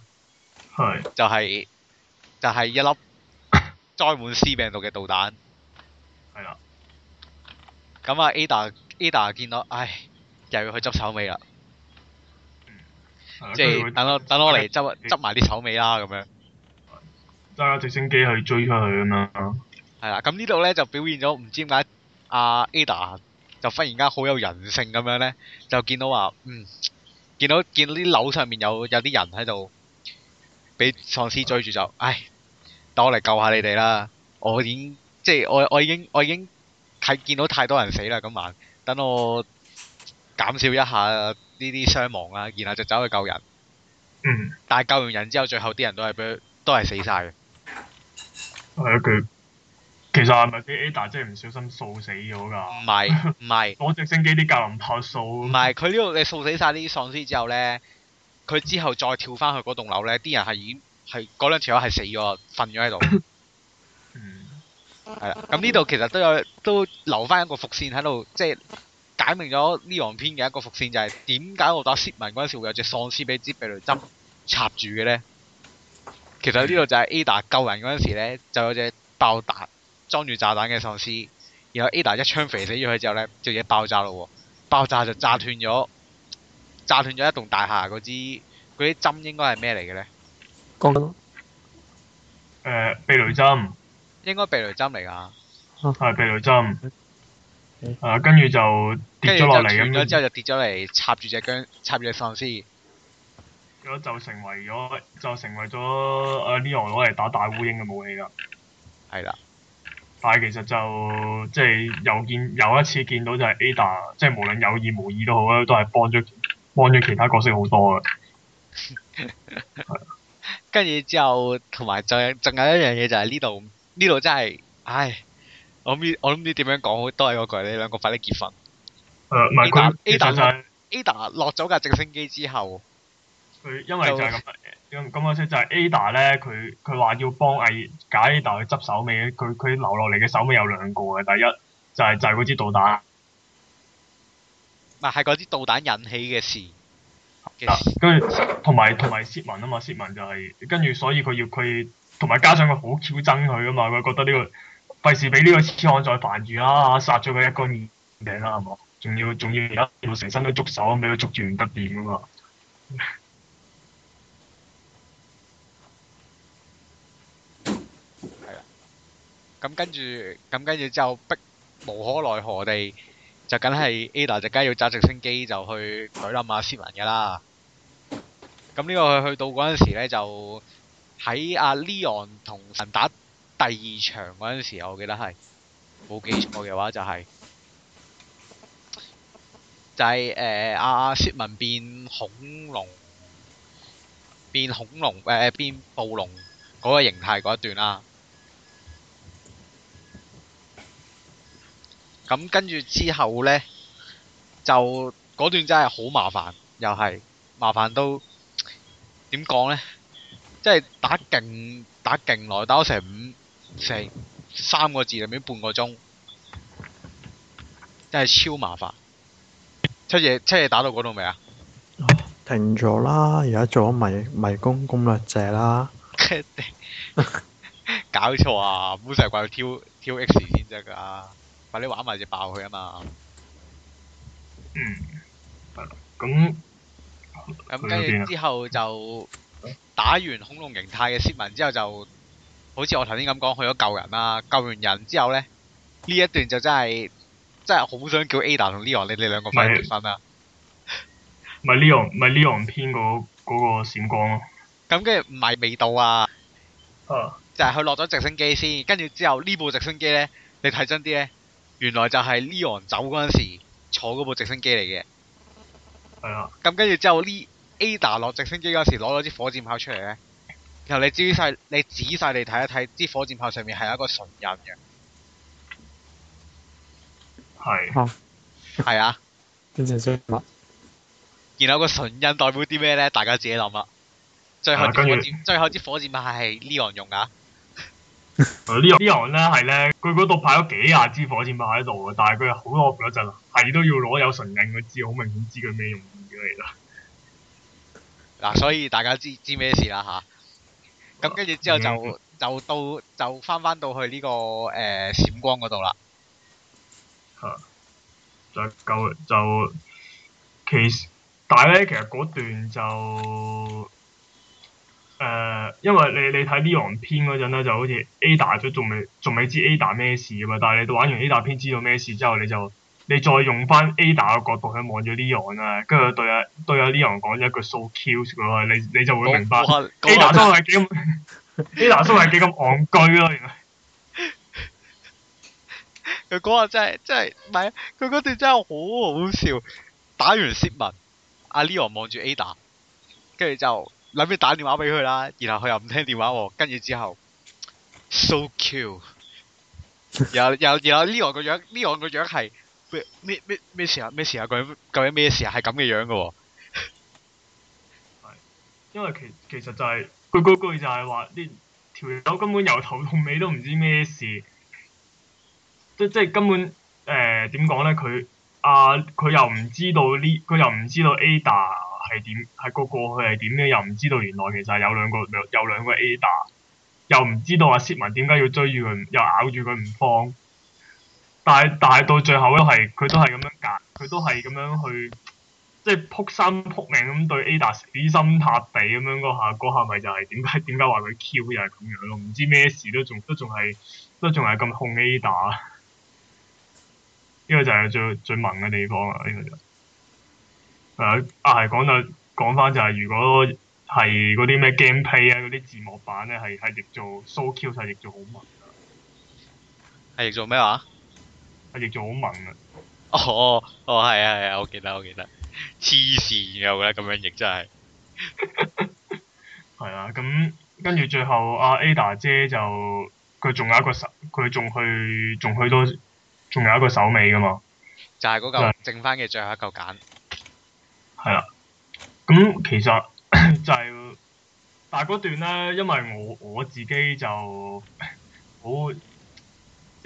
係是、就係。就係就係一粒載滿屍病毒嘅導彈。係啦，咁、嗯、啊 Ada，Ada 見 Ad 到，唉，又要去執手、啊、手尾啦，即係等我等我嚟執執埋啲手尾啦咁樣，揸直升機去追翻佢、 嗯嗯嗯、啊嘛。係、啊、啦，咁呢度咧就表現咗唔知點解阿 Ada 就忽然間好有人性咁樣咧，就見到話嗯，見到見到啲樓上面有有啲人喺度，俾喪屍追住就，唉，等我嚟救下你哋啦，我已經。即係我我已經我已經睇見到太多人死啦，今晚等我減少一下呢啲傷亡啦，然後就走去救人。嗯。但係救完人之後，最後啲人都係俾都係死晒嘅。其實係咪啲 A 大即係唔小心掃死咗噶？唔係唔係，攞直 升機啲格林炮掃。唔係佢呢度，你掃死晒呢啲喪屍之後呢，佢之後再跳翻去嗰棟樓呢，啲人係已經係嗰兩條友係死咗，瞓咗喺度。 係啦，咁呢度其實都有都留翻一個伏綫喺度，即係解明咗呢行篇嘅一個伏綫就係點解我打尸文嗰陣時會有隻喪屍俾支避雷針插住嘅咧？其實呢度就係 Ada 救人嗰陣時咧，就有隻爆彈裝住炸彈嘅喪屍，然後 Ada 一槍肥死咗佢之後咧，隻嘢爆炸咯喎，爆炸就炸斷咗炸斷咗一棟大廈嗰支嗰啲針應該係咩嚟嘅咧？講誒避雷針。應該、啊、避雷針嚟噶，係避雷針，誒，跟住就跌咗落嚟咁樣，之後就跌咗嚟插住隻僵，插住隻喪屍，咁就，就成為咗，就成為咗阿 Leon 攞嚟打大烏蠅嘅武器啦。係啦的，但係其實就即係又見有一次見到就係 Ada，即係無論有意無意都好咧，都係幫咗幫咗其他角色好多嘅。 的跟住之後，同埋仲有仲有一樣嘢就係呢度。呢度真係，唉，我唔知，我都唔知點樣講，都係嗰句，你兩個快啲結婚。誒，Ada，Ada 就落咗架直升機之後，佢因為就係咁，咁嘅意思就係 Ada 咧，佢佢話要幫艾解 Ada 去執手尾，佢佢留落嚟嘅手尾有兩個嘅，第一就係就係嗰支導彈，唔係係嗰支導彈引起嘅事，跟住同埋同埋 Shivan 啊嘛，Shivan 就係跟住所以佢要佢。同埋加上佢好挑憎佢啊嘛，佢覺得呢、呢個費事俾呢個痴漢再煩住啦、啊，殺咗佢一個二命啦，係冇？仲要仲要而家要成身都捉手，俾佢捉住唔得掂噶嘛？係啊，咁 跟住咁跟住之後，逼無可奈何地就梗係 Ada 就梗要揸直升機就去舉笠啊，斯文噶啦。咁呢個佢去到嗰陣時咧就～喺阿、啊、Leon 同神打第二場嗰陣時，我記得係冇記錯嘅話，就係，就係就係誒阿阿薛文變恐龍變恐龍誒，呃、變暴龍嗰個形態嗰一段啦。咁跟住之後咧，就嗰段真係好麻煩，又係麻煩到點講咧？即係打勁打勁耐，打到成五成三個字入面半個鐘，真係超麻煩。出夜出夜打到嗰度未啊？停咗啦，而家做咗迷迷宮攻略者啦。 搞錯啊！唔好成日掛住挑挑 X 先得噶，啊，快啲玩埋隻爆佢啊嘛。嗯。嗯。咁咁跟住之後就。打完恐龍形態嘅斯文之後就，好似我頭先咁講，去咗救人啦、啊。救完人之後呢，呢一段就真係真係好想叫 Ada 同 Leon 你你兩個結婚啊！咪 Leon 咪 Leon 偏嗰嗰，嗰個閃、嗰個，光咯、啊。咁跟住唔係未到啊，啊就係佢落咗直升機先，跟住之後呢部直升機呢，你睇真啲呢，原來就係 Leon 走嗰陣時坐嗰部直升機嚟嘅。係啊的。咁跟住之後呢？Ada 落直升機嗰時攞咗支火箭炮出嚟咧，然後你仔細你仔細地睇一睇，支火箭炮上面係有一個唇印嘅，係是，係啊，鑽石物，然後個唇印代表啲咩咧？大家自己諗啦。最後，啊、後最後支火箭炮係 Leon 用噶，Leon，Leon 咧係咧，佢嗰度派咗幾廿支火箭炮喺度啊，但係佢好多嗰陣係都要攞有唇印佢知好明顯知佢咩用意嘅而家。嗱、啊，所以大家知知咩事啦吓，咁跟住之後就、嗯、就到就翻翻到去、這、呢個誒閃、呃、光嗰度啦，吓就舊就其實但係咧，其實嗰段就誒、呃，因為你你睇呢行 o 篇嗰陣咧，就好似 ada 都仲未仲未知 ada 咩事噶嘛，但係你到玩完 ada 篇知道咩事之後，你就。你再用翻 Ada 嘅角度去望住 Leon 啊，跟住對阿、啊、對阿 Leon 講咗一句 so cute 嘅，你你就會明白 Ada 叔係幾 Ada 叔係幾咁戇居咯，原來佢講話真係真係，唔係佢嗰段真係好好笑。打完視頻、啊，阿 Leon 望住 Ada，跟住就諗住打電話俾佢啦。然後佢又唔聽電話，跟住之後 so cute，然後然後然後 Leon 個樣，Leon 個樣係。咩咩咩事啊？咩事啊？究竟究竟咩事啊？係咁嘅樣噶喎，因為其其實就係佢嗰句就係話啲條友根本由頭到尾都唔知咩事，即即係根本誒點講咧？佢、呃、啊佢又唔知道呢，佢又唔知道 Ada 係點係個過去係點樣，又唔知道原來其實係有兩個有兩個 Ada，又唔知道阿 Simon 點解要追住佢，又咬住佢唔放。但係但係到最後都係佢都係咁樣揀，佢都係咁樣去，即係撲心撲命咁對 Ada 死心塌地咁樣嗰下，嗰下咪就係點解點解話佢 Q 又係咁樣咯？唔知咩事都仲都仲係都仲係咁控 Ada，呢個就係最最萌嘅地方啦。呢個就係啊，啊係講、啊、就講翻就係如果係嗰啲咩 gameplay 啊嗰啲字幕版咧，係係譯做 so Q 就係，譯做好萌啊，係做咩話？佢亦都好萌啊。哦，哦，係啊，係啊，我記得，我記得，黐線嘅，我覺得咁樣亦真係。係 啊，咁跟住最後阿、啊、Ada 姐就佢仲有一個佢仲去，仲去到，仲有一個手尾㗎嘛，就係嗰嚿剩翻嘅最後一嚿揀。係啊。咁其實 就係、是，但係嗰段咧，因為我我自己就好。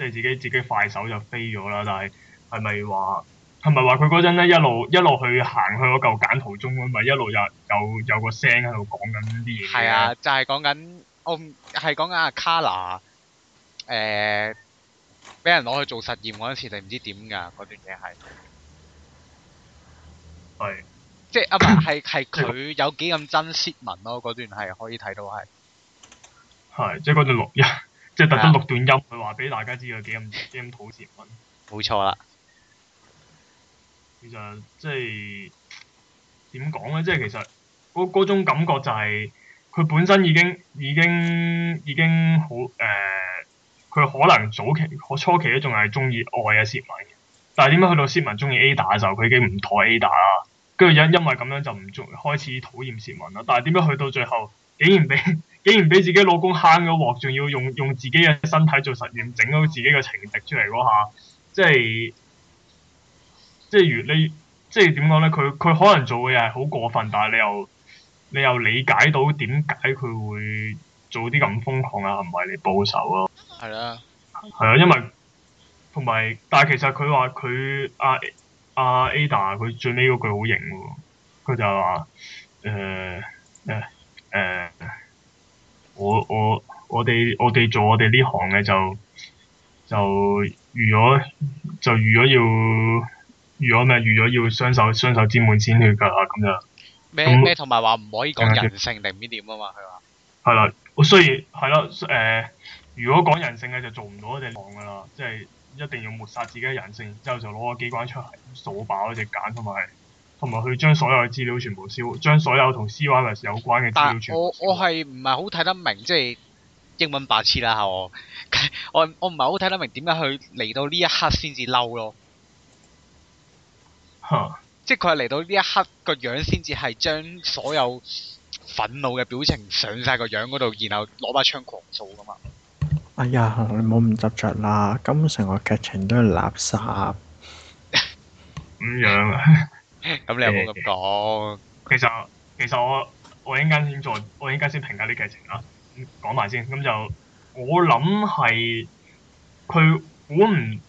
即係自己自己快手就飛咗啦，但係係咪話係咪話佢嗰陣咧一路一路去行去嗰嚿揀途中，咪一路有又有個聲喺度講緊呢啲嘢？係啊，就係講緊我係講緊阿 Kala 俾人攞去做實驗嗰陣時，你唔知點㗎？嗰段嘢係係即係啊！唔係係佢有幾咁真視頻咯？嗰段係可以睇到係係即係嗰段錄音。即係特登錄段音，佢話俾大家知佢幾咁幾咁討厭蝨文。冇錯啦。其實即係點講咧？即係其實嗰種感覺就係、是、佢本身已經已經已經好誒。佢、呃、可能早期、可初期咧，仲係鍾意愛啊蝨文。但係點解去到蝨文鍾意 A 打嘅時候，佢已經唔妥 A 打 a 啦。跟住因因為咁樣就唔中開始討厭蝨文啦。但係點解去到最後，竟然俾？竟然俾自己老公慳咗鑊，仲要用用自己嘅身體做實驗，整到自己嘅情敵出嚟嗰下，即係即係如你即係點講咧？佢佢可能做嘅嘢係好過分，但係你又你又理解到點解佢會做啲咁瘋狂嘅行為，係咪？嚟報仇咯？係啦的，係啊，因為同埋，但係其實佢話佢阿阿 Ada 佢最尾嗰句好型喎，佢就話誒誒誒。呃呃呃我我我哋我哋做我哋呢行嘅，就就如果就如果要如果咩？如果要雙手雙手沾滿鮮血㗎啊，咁就咩咩？同埋話唔可以講人性定唔知點啊嘛？係嘛？係啦，我雖然係啦，誒、呃，如果講人性嘅就做唔到一隻狼㗎啦，即係一定要抹殺自己嘅人性，之後就攞個機關槍出嚟掃爆嗰隻揀，同埋。同埋佢將所有嘅資料全部燒，將所有同 Cybernet 有關嘅資料全部燒。我我係唔係好睇得明，即係英文白痴啦，我我我唔係好睇得明點解佢嚟到呢一刻先至嬲咯。哈即係佢係嚟到呢一刻個樣先至係將所有憤怒嘅表情上晒個樣嗰度，然後攞把槍狂掃噶嘛。哎呀，你唔好唔執着啦，根本成個劇情都係垃圾。咁 樣啊！ 咁你有冇咁講？其實其實我我應該先再，我應該先評價啲劇情啦。講埋先，咁就我諗係佢，我唔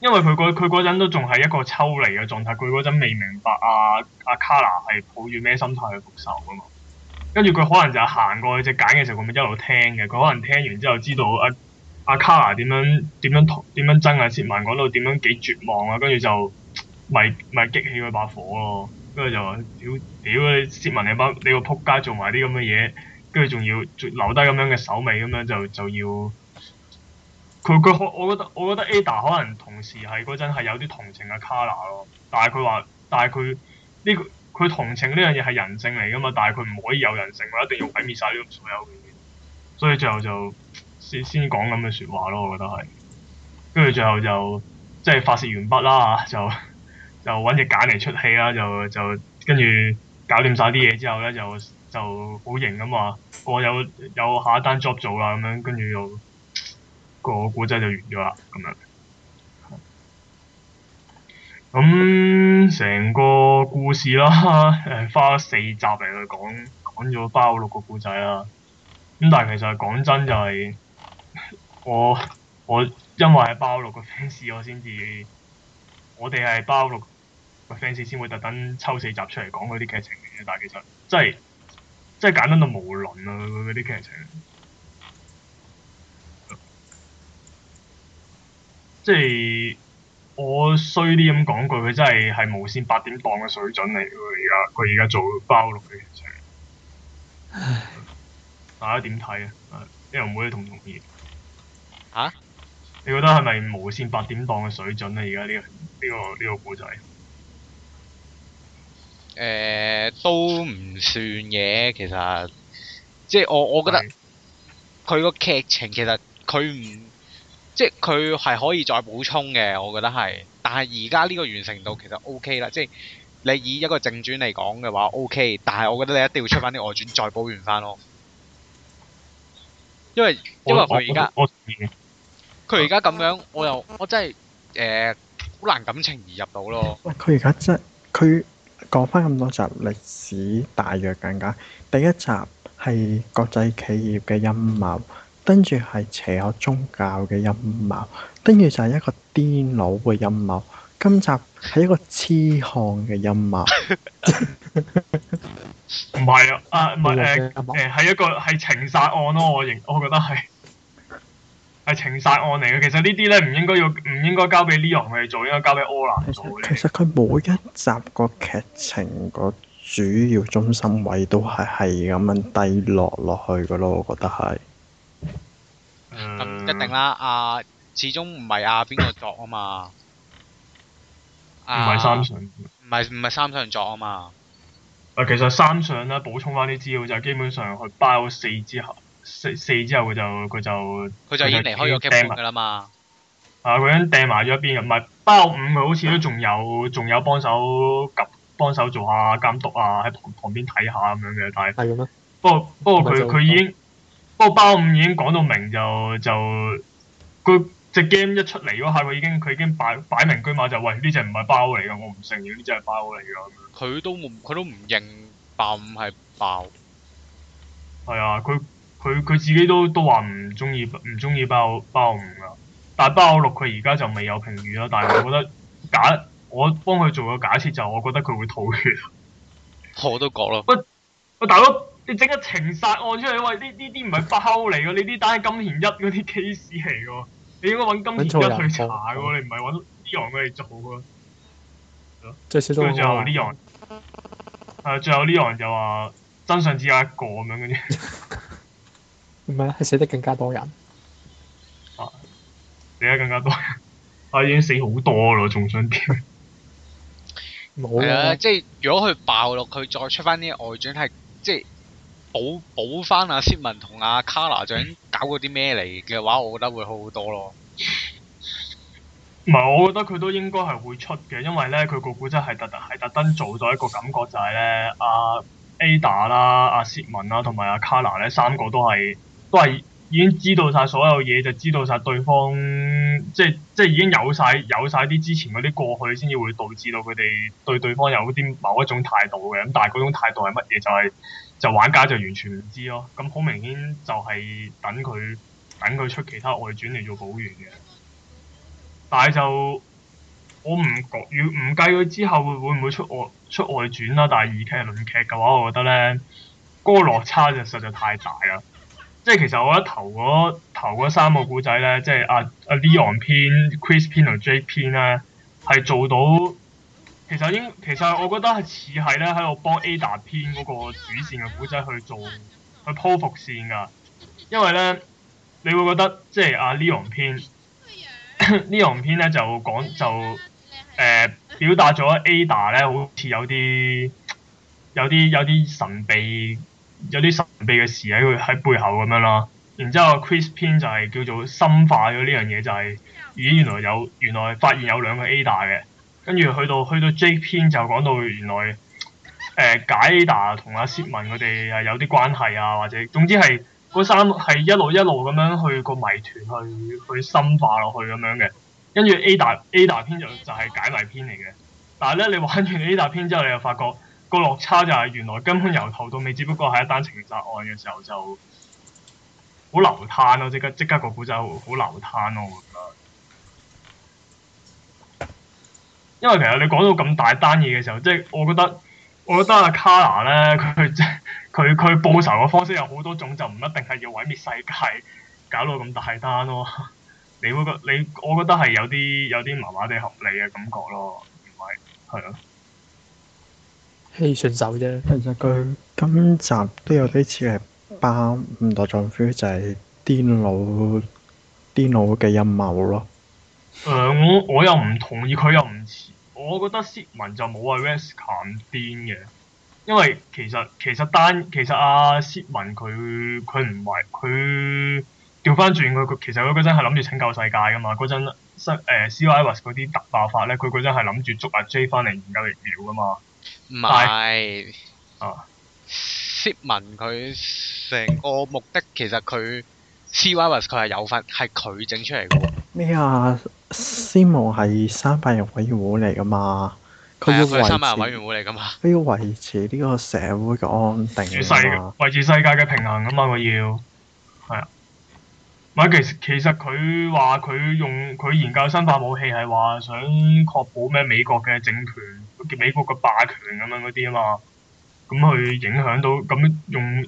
因為佢嗰佢嗰陣都仲係一個抽離嘅狀態。佢嗰陣未明白阿阿 Kara 係抱住咩心態去復仇㗎嘛。跟住佢可能就行過去只揀嘅時候，佢、那、咪、個、一路聽嘅。佢可能聽完之後知道阿阿 Kara 點樣點樣點樣真係、啊、設問講到點樣幾絕望啊，跟住就。咪咪激起佢把火咯，跟住就話：屌屌你薛文你班你個撲街做埋啲咁嘅嘢，跟住仲要留低咁樣嘅手尾咁樣就就要。佢佢我覺得我覺得 Ada 可能同時係嗰陣係有啲同情嘅卡 a r 咯，但係佢話，但係佢呢佢同情呢樣嘢係人性嚟噶嘛，但係佢唔可以有人性，佢一定要毀滅晒呢度所有嘅嘢。所以最後就先先講咁嘅説話咯，我覺得係。跟住最後就即係發泄完筆啦就。就搵隻假嚟出戲啦，就就跟住搞掂晒啲嘢之後呢，就就好型咁話，我有有下一單 job 做啦，咁樣跟住又個古仔就完咗啦，咁樣。咁、嗯、成個故事啦，誒、哎、花咗四集嚟講講咗包六個故仔啦。咁但係其實講真就係、是、我我因為係包六個 fans，我先至我哋係包六。fans 先會特登抽四集出嚟講嗰啲劇情嘅，但係其實真係真係簡單到無倫啊！嗰啲劇情，嗯、即係我衰啲咁講句，佢真係係無綫八點檔嘅水準嚟。佢而家佢而家做包六嘅劇情、嗯，大家點睇啊？呢個唔會同唔同意？吓、啊？你覺得係咪無綫八點檔嘅水準啊？而家呢個呢、呢個呢、呢個古仔？誒、呃，都唔算嘅，其實即係我，我覺得佢個劇情其實佢唔即係佢係可以再補充嘅，我覺得係。但係而家呢個完成度其實 O K 啦，即係你以一個正傳嚟講嘅話 OK，但係我覺得你一定要出翻啲外傳再補完翻咯。因為，因為佢而家佢而家咁樣，我，我又我真係誒好難感情移入到咯。佢而家真係佢。講翻咁多集，歷史大約更加。第一集係國際企業嘅陰謀，跟住係邪惡宗教嘅陰謀，跟住就係一個癲佬嘅陰謀。今集係一個痴漢嘅陰謀，唔係 啊啊，唔係，誒誒，係一個係情殺案咯，我認我覺得係。係情殺案嚟嘅，其實呢啲咧唔應該要，唔應該交俾 Leon 去做，應該交俾柯南去做。其實佢每一集個劇情個主要中心位都係係咁樣低落落去嘅咯，我覺得係。嗯。咁一定啦，阿、啊、始終唔係阿邊個作啊嘛。唔係、 啊、三上。唔係唔係三上作啊嘛。其實三上咧，補充翻啲資料就是、基本上佢包四之後。四,四之後佢就佢就，佢就已經離開個 game 嘅啦嘛。啊，佢已經掟埋咗一邊，唔係包五佢好似都仲有仲有幫手及幫手做下監督啊，喺旁旁邊睇下咁樣嘅。但係不過不過佢佢已經，不過包五已經講到明就就，佢隻 game 一出嚟嗰下佢已經佢已經擺擺明車馬就話，喂呢隻唔係包嚟嘅，我唔承認呢隻係包嚟嘅。佢都佢都唔認包五係包。係啊，佢。佢佢自己都都話唔中意唔中意包包五啦，但係包六佢而家就未有評語啦。但係我覺得假我幫佢做個假設就，我覺得佢會吐血。我都講咯。喂喂，大佬，你整個情殺案出嚟喂？呢呢啲唔係包嚟噶，呢啲單係金田一嗰啲 case 嚟噶。你應該揾金田一去查噶，你唔係揾呢 e o n 嚟做噶。 最少都有 l e o 誒，最後呢 e 就話真相只有一個咁樣，嘅。住。唔係，係死得更加多人。哦、啊，死得更加多人。啊，已經死好多咯，仲想點？冇、 就係、啊！即係如果佢爆落，佢再出翻啲外傳，係即係補補翻阿薛文同阿、啊、卡娜想搞嗰啲咩嚟嘅話，我覺得會好好多咯。唔係，我覺得佢都應該係會出嘅，因為咧佢個古真係特特係特登做咗一個感覺就呢，就係咧阿 Ada 啦、啊、阿、啊、薛文啦同埋阿卡娜咧三個都係。 都係已經知道晒所有嘢，就知道晒對方，即係即係已經有晒有曬啲之前嗰啲過去，先至會導致到佢哋對對方有啲某一種態度嘅。咁但係嗰種態度係乜嘢？就係、是、就玩家就完全唔知咯。咁好明顯就係等佢等佢出其他外傳嚟做補完嘅。但係就我唔覺要唔計佢之後會會唔會出外出外傳啦、啊。但係二劇論劇嘅話，我覺得咧嗰個落差就實在太大啦。即係其實我覺得頭嗰三個古仔咧，即係阿阿 Leon 篇、啊、Le in, Chris 篇同 J 篇咧，係做到其實應其實我覺得係似係咧喺度幫 Ada 編嗰個主線嘅古仔去做去鋪伏線㗎，因為咧你會覺得即係阿、啊、Le Leon 篇 Leon 篇咧就講就誒、呃、表達咗 Ada 咧好似有啲有啲有啲神秘。有啲神秘嘅事喺佢喺背後咁樣啦，然之後 Chris 篇就係叫做深化咗呢樣嘢，就係、是、咦原來有原來發現有兩個 Ada 嘅，跟住去到去到 Jake 篇就講到原來誒、呃、解 Ada 同阿薛文佢哋係有啲關係啊，或者總之係嗰三係一路一路咁樣去個謎團去去，去深化落去咁樣嘅，跟住 Ada Ada 篇就就係解謎篇嚟嘅，但係咧你玩完 Ada 篇之後，你又發覺。個落差就係原來根本由頭到尾只不過係一單情殺案嘅時候就、啊，好流炭咯，即刻即刻個古仔好流炭咯，我覺得。因為其實你講到咁大單嘢嘅時候，即、就、係、是、我覺得，我覺得阿卡 a r 咧，佢即係佢佢報仇嘅方式有好多種，就唔一定係要毀滅世界，搞到咁大單咯、啊。你會覺你我覺得係有啲有啲麻麻地合理嘅感覺咯，唔係係咯。氣順手啫。其實佢今集都有啲似係包唔多壯夫，就係癲佬、癲佬嘅陰謀咯。誒、嗯，我我又唔同意，佢又唔似，我覺得薛 文就冇話 West 咁癲嘅。因為其實其實單其實阿薛文佢佢唔係，佢調翻轉佢，其實佢嗰陣係諗住拯救世界噶嘛。嗰陣失誒 cyrus 嗰啲突爆法咧，佢嗰陣係諗住捉阿 j 翻嚟研究疫苗噶嘛。唔係，薛、啊、文佢成個目的其實佢 Cyrus 佢係有份，係佢整出嚟嘅。咩啊？斯蒙係三百人委員會嚟噶嘛。佢要維持。係佢、啊、三百人委員會嚟噶嘛，佢要維持呢個社會嘅安定。維持世界嘅平衡啊嘛！我要係啊。係，其實其實佢話佢用佢研究生化武器係話想確保咩美國嘅政權。美國嘅霸權咁樣嗰啲啊嘛，咁去影響到咁用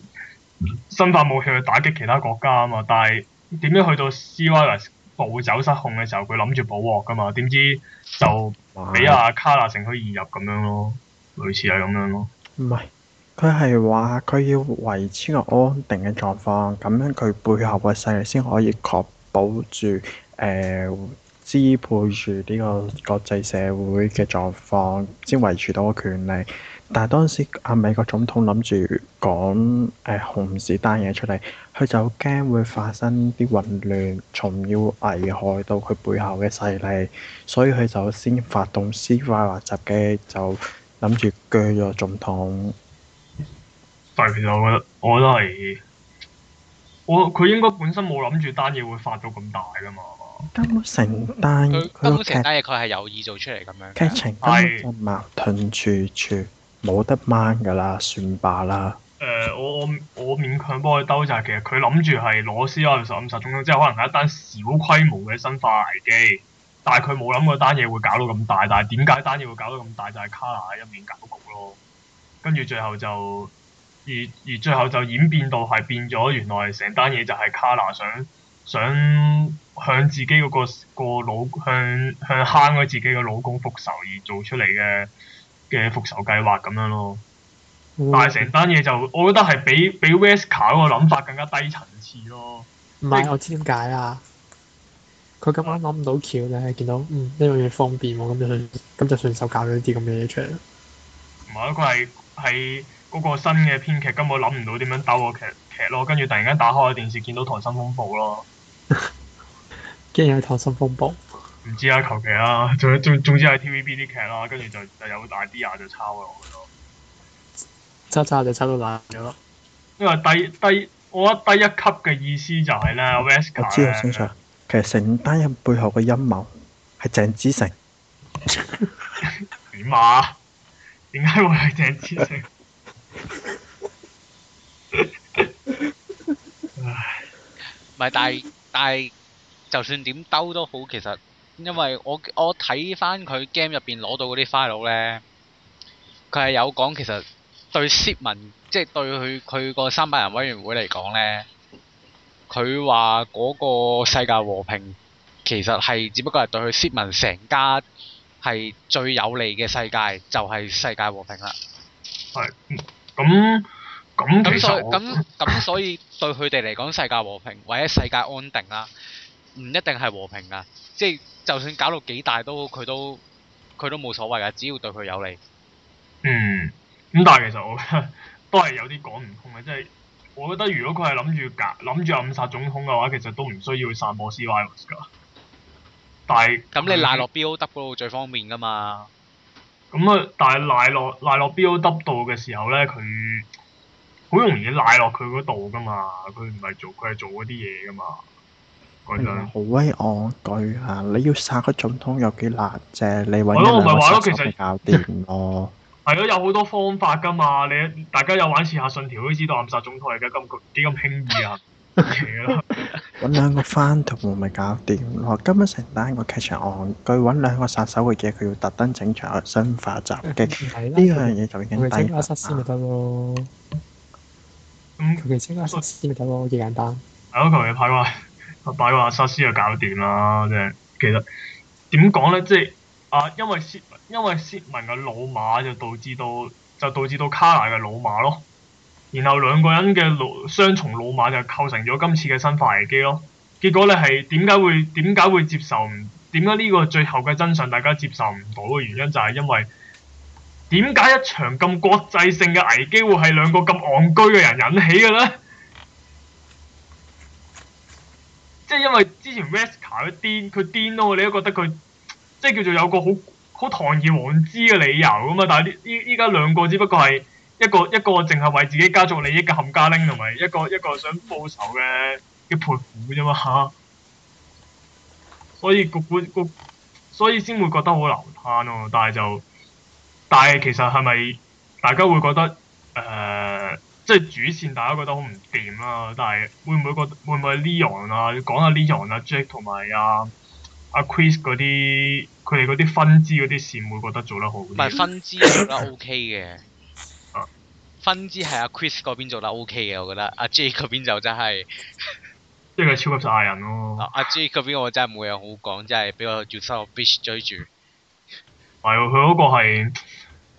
生化武器去打擊其他國家啊嘛，但係點樣去到 Cylus 暴走失控嘅時候，佢諗住保鑊噶嘛，點知就俾阿卡納城區移入咁樣咯。哇類似係咁樣咯。唔係，佢係話佢要維持個安定嘅狀況，咁樣佢背後嘅勢力先可以確保住誒。呃支配住呢個國際社會嘅狀況，先維持到個權利。但係當時啊，美國總統諗住講誒紅字單嘢出嚟，佢就驚會發生啲混亂，從要危害到佢背後嘅勢力，所以佢就先發動私化核襲擊，就諗住鋸咗總統。但其實我覺得，我覺得係，我佢應該本身冇諗住單嘢會發到咁大㗎嘛。根本成單，佢根本成單嘢佢係有意做出嚟咁樣劇情，根本就矛盾處處冇得掹噶啦，算罷啦。誒，我我勉強幫佢兜就係，其實佢諗住係攞四五十、五十中中，即係可能係一單小規模嘅生化危機。但係佢冇諗過單嘢會搞到咁大，但係點解單嘢會搞到咁大？就係卡娜一面搞局咯。跟住最後就而而最後就演變到係變咗，原來成單嘢就係卡娜想。想向自己嗰個個老向向慳咗自己嘅老公復仇而做出嚟嘅嘅復仇計劃咁樣咯，嗯、但係成單嘢就我覺得係比比 Westcar 嗰個諗法更加低層次咯。唔係是你我知點解啊？佢今晚諗唔到橋咧，見到嗯呢樣嘢方便，咁就咁就順手搞咗啲咁嘅嘢出嚟。唔係，佢係係嗰個新嘅編劇根本諗唔到點樣兜個劇劇咯，跟住突然間打開電視見到溏心風暴咯，咯。驚有溏心風暴？唔知啊，求其啦。總總總之係 TVB 啲劇啦，跟住就就有 idea 就抄咯。我覺得抄抄就抄到爛咗咯。因為低低，我覺得低一級嘅意思就係咧，我知好正常。Sir，其實成單人背後嘅陰謀係鄭子誠，點啊？ 點解會係鄭子誠？唉，唔咪但。但係，就算點兜都好，其實因為我我睇返佢 game 入邊攞到嗰啲 file 咧，佢係有講其實對斯文，即係對佢佢個三百人委員會嚟講咧，佢話嗰個世界和平其實係只不過係對佢斯文成家係最有利嘅世界，就係、是、世界和平啦。係，咁、嗯。嗯咁 所以咁所以對佢哋嚟講，世界和平或者世界安定啦，唔一定係和平噶，即係就算搞到幾大都佢都佢都冇所謂噶，只要對佢有利。嗯，咁但係其實我都係有啲講唔通嘅，即、就、係、是、我覺得如果佢係諗住搞諗住暗殺總統嘅話，其實都唔需要去散播 c virus 噶。但係咁、嗯、你賴落 b o w 度最方便噶嘛？咁啊、嗯，但係賴落賴落 b o w 度嘅時候咧，佢。好容易瀨落佢嗰度噶嘛？佢唔係做，佢係做嗰啲嘢噶嘛？嗰啲好威我句啊！你要殺個總統有幾難啫、啊？你搵兩個殺手咪、嗯、實搞掂咯、啊？係咯、嗯，有好多方法噶嘛？你大家有玩刺客信條都知道暗殺總統而家咁啲咁輕易啊？揾兩 個翻圖咪搞掂。我今日成單一個劇情案，佢揾兩個殺手嘅嘢，佢要特登整場生化襲擊。呢樣嘢就已經咁、嗯、其嘅斯拉什點解咁樣咁簡單？係咯，求其派話派話，阿薩斯就搞掂啦。即係其實點講咧，即係啊，因為斯因，因為斯文嘅老馬就導致到就導致到卡納嘅老馬咯。然後兩個人嘅老雙重老馬就構成咗今次嘅生化危機咯。結果咧係點解會點解會接受唔點解呢個最後嘅真相大家接受唔到嘅原因就係因為。點解一場咁國際性嘅危機會係兩個咁戇居嘅人引起嘅咧？即係因為之前 Raska 佢癲，佢癲咯，你都覺得佢即係叫做有個好好堂而皇之嘅理由噶嘛？但係呢，依依家兩個只不過係一個一個淨係為自己家族利益嘅冚家拎，同埋一個一個想報仇嘅一陪苦啫嘛哈哈。所以局會局，所以先會覺得好流攤咯、啊。但係就。但係其實係咪大家會覺得誒、呃，即係主線大家覺得好唔掂啦？但係會唔會覺得會唔會 Leon 啊，講下 Leon 啊，Jack 同埋啊阿、啊、Chris 嗰啲，佢哋嗰啲分支嗰啲線會覺得做得好啲？唔係分支做得 OK 嘅。 分支係阿、啊、Chris 嗰邊做得 OK 嘅，我覺得阿 Jay 嗰邊就真係， 即係超級殺人咯、啊。阿 Jay 嗰邊我真係冇嘢好講，真係俾我要生、 啊、個 bitch 追住。係佢嗰個係。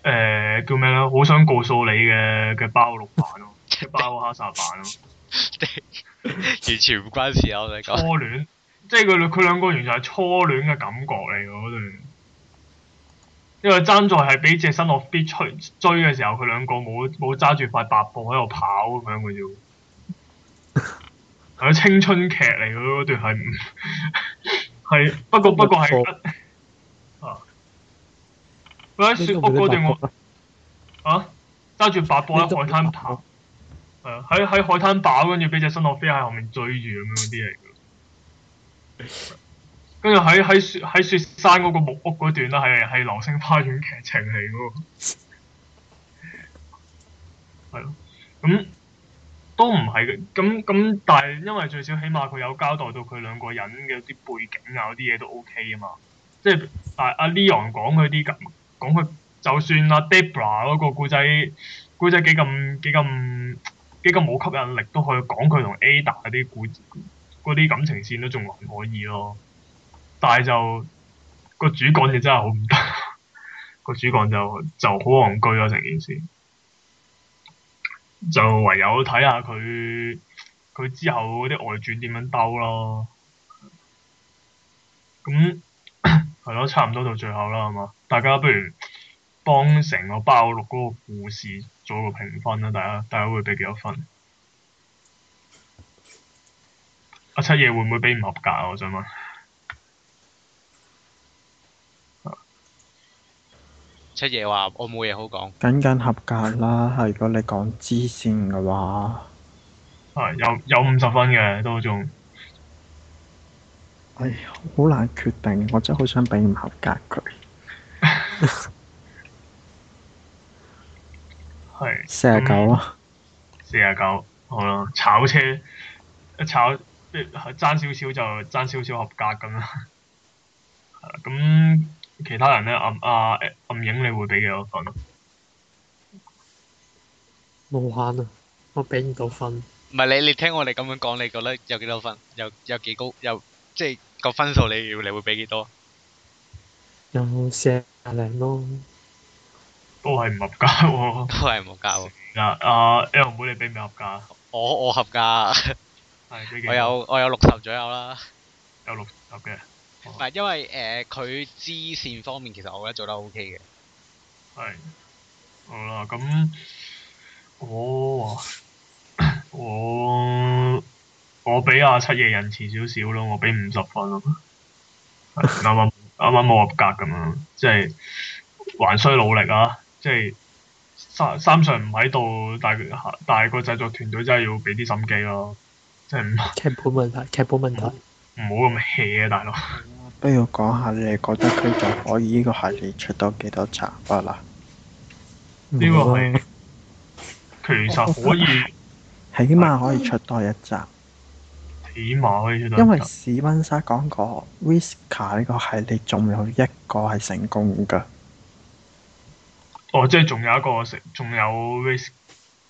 誒、呃，叫咩咧？好想告訴你嘅嘅包六版咯，即包黑薩版咯，完全唔關事啊，我哋初戀，即係佢佢兩個原就係初戀嘅感覺嚟嘅嗰段，因為爭在係俾隻新樂必追追嘅時候，佢兩個冇冇揸住塊白布喺度跑咁樣嘅啫，係 青春劇嚟嘅嗰段係唔係， 不過不過係。 喺雪屋嗰段我，啊揸住白波喺海灘跑，誒喺喺海灘跑，跟住俾隻新浪飛喺後面追住咁樣啲嚟嘅，跟住喺喺雪喺雪山嗰個木屋嗰段啦，係係流星花園劇情嚟嗰個，係咯，咁都唔係嘅，咁咁但係因為最少起碼佢有交代到佢兩個人嘅啲背景啊嗰啲嘢都 OK 啊嘛，即係阿阿 Leon 講佢啲咁。講佢就算阿 Debra 嗰個故仔，故仔幾咁幾咁幾咁冇吸引力，都可以講佢同 Ada 嗰啲故啲感情線都仲還可以咯，但係就個主幹就真係好唔得，個主幹 就就好戇居咯成件事，就唯有睇下佢佢之後嗰啲外傳點樣兜咯，咁。 係咯，差唔多到最後啦，係嘛？大家不如幫成個爆錄嗰個故事做個評分啦，大家，大家會俾幾多分？阿七爺會唔會俾唔合格、啊、我想問。七爺話：我冇嘢好講。僅僅合格啦，係如果你講黐線嘅話，係、啊、有有五十分嘅都仲。哎，好難決定，我真係好想俾唔合格佢。係四十九啊，四十九，49，好啦，炒車，炒呃、一炒爭少少就爭少少合格咁啦。咁 嗯、其他人咧，暗啊暗影，你會俾幾多分？冇限啊，我俾唔到分。唔係你，你聽我哋咁樣講，你覺得有幾多分？有有幾高？有？即係個分數，你要你會俾幾多？廿零咯，都係唔合格喎。都係唔合格喎。啊！L 妹，你俾唔係合格？我我合格。係幾勁？我有我有六十左右啦。有六十嘅。但係，因為誒，佢支線方面其實我覺得做得 OK 嘅。係。好啦，咁我我。我俾阿七夜仁慈少少咯，我俾五十分咯，啱啱啱啱冇合格咁樣，即係還需努力啊！即係三三常唔喺度，但係但係個製作團隊真係要俾啲心機咯，即係。劇本問題，劇本問題，唔好咁氣啊，大佬。 不如我講下你哋覺得佢仲可以呢個系列出到幾多，多集啊？啦，呢個係，其實可以，起碼 可以出多一集。起碼可以因為史賓沙講過，Visca 呢個系列仲有一個係成功噶。哦，即係仲有一個成，仲有 Visca，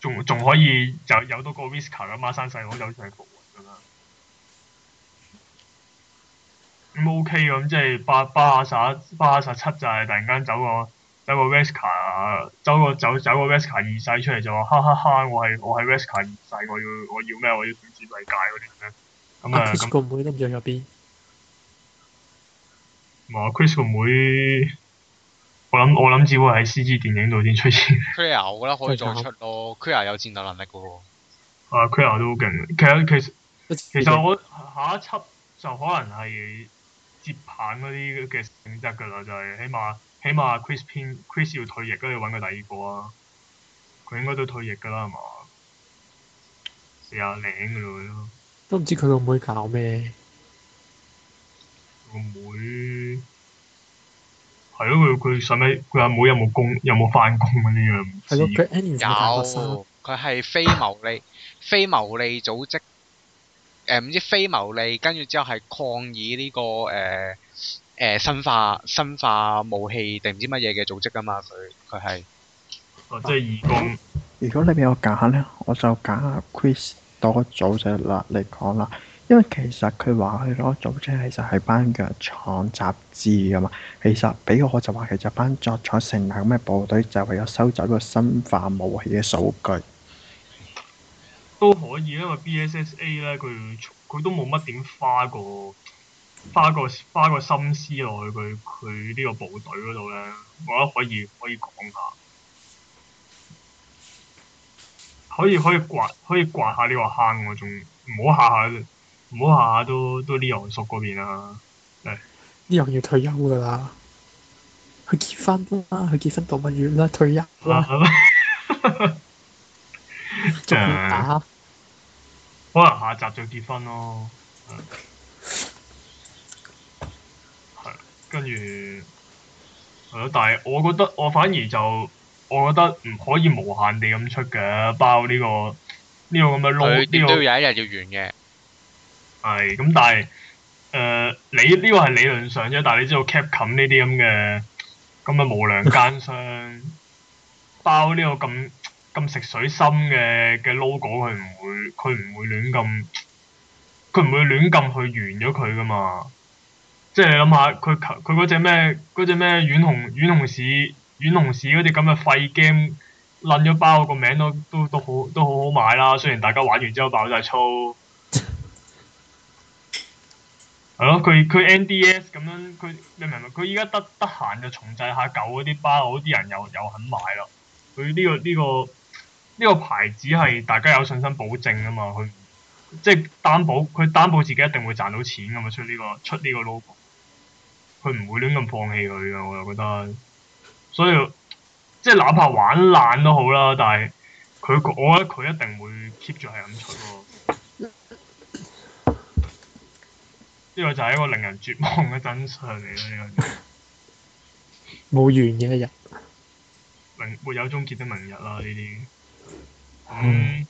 仲仲可以有有多個 Visca 嘅孖生細佬走出嚟復活咁樣。咁、嗯、OK，咁即係巴巴薩巴十七就係突然間走個走個 Visca，走個走走個 Visca 二世出嚟就話哈哈哈，我係我係 Visca 二世，我要我要咩？我要統治世界嗰啲咁樣。咁、嗯、啊！Chris 個妹都唔知咗邊，唔係 c h r i s 個、啊、妹，妹，我諗我諗只會喺 C G 電影度先出現。Clear 我覺得可以再出咯，Clear、嗯、有戰鬥能力嘅、哦、喎。啊！Clear 都好勁，其實其實、嗯、其實我下一輯就可能係接棒嗰啲嘅性質噶啦，就係、是、起碼起碼 Chris 偏 Chris 要退役，都要揾個第二個啊！佢應該都退役噶啦，係嘛？四啊零噶咯。都唔知佢個妹搞咩？個妹係咯，佢佢使咩？佢阿妹有冇工？有冇翻工啊？呢樣係咯，佢有，佢係非牟利、非牟利組織。誒，唔知非牟利，跟住之後係抗議呢個誒誒生化生化武器定唔知乜嘢嘅組織噶嘛？佢佢係哦，即係義工。如果你俾我揀咧，我就揀阿 Chris。多組者啦嚟講啦，因為其實佢話佢攞組者其實係班人搶雜誌啊嘛，其實俾我就話其實班作錯成立咩部隊就為咗收集個生化武器嘅數據都可以，因為 BSSA 咧佢佢都冇乜點花過花過花過心思落去佢佢呢個部隊嗰度咧，我覺得可以可以講下。可以可以刮可以刮下呢個坑喎、啊，仲唔好下下唔好下下都都呢樣熟嗰邊啦，呢啲人要退休噶啦，去結婚啦，去結婚度蜜月啦，退休啦，哈 打、 嗯，可能下集就結婚咯，係、嗯，跟住係咯，但係我覺得我反而就。我覺得唔可以無限地咁出嘅包呢，這個呢，這個咁嘅 logo，呢個有一日要完嘅。係咁，但係誒，呃，你呢，這個係理論上啫，但係你知道 cap 冚呢啲咁嘅咁嘅無良奸商 包呢個咁咁食水深嘅嘅 logo，佢唔會佢唔會亂咁佢唔會亂撳去完咗佢噶嘛？即係你諗下，佢佢嗰隻咩嗰隻咩軟紅軟紅屎。軟龍市嗰啲咁嘅廢 game，擸咗包個名都都都好都好好買啦，雖然大家玩完之後爆晒粗，係咯，佢佢 NDS 咁樣，佢你明唔明？佢依家，得得閒就重製下舊嗰啲包，啲人又又肯買啦。佢呢個呢個呢個牌子係大家有信心保證噶嘛，佢即係擔保，佢擔保自己一定會賺到錢噶嘛。出呢個出呢個 logo，佢唔會亂咁放棄佢噶，我又覺得。所以即係哪怕玩爛都好啦，但係佢我覺得佢一定會 keep 住係咁出喎。呢個就係一個令人絕望嘅真相嚟啦。 呢個冇完嘅一日，明沒有終結的明日啦。呢啲咁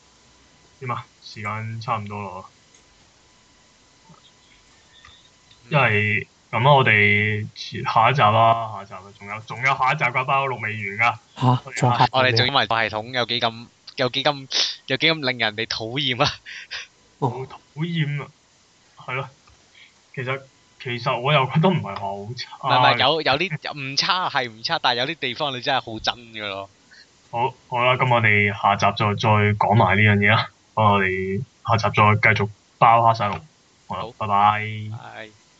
點啊？時間差唔多咯，因為。咁啊，我哋下一集啦、啊，下一集啊，仲有仲有下一集、啊，瓜包六未完噶。嚇、啊！啊、我哋仲以為個系統有幾咁有幾咁有幾咁令人哋討厭啊！我好、哦、討厭啊！係咯、啊，其實其實我又覺得唔係話好差。唔係、啊、有有啲唔差係唔差，但係有啲地方你真係好憎噶咯。好，好啦，咁我哋下集再再講埋呢樣嘢啦！我哋下集再繼續包下曬龍。好啦。好拜拜。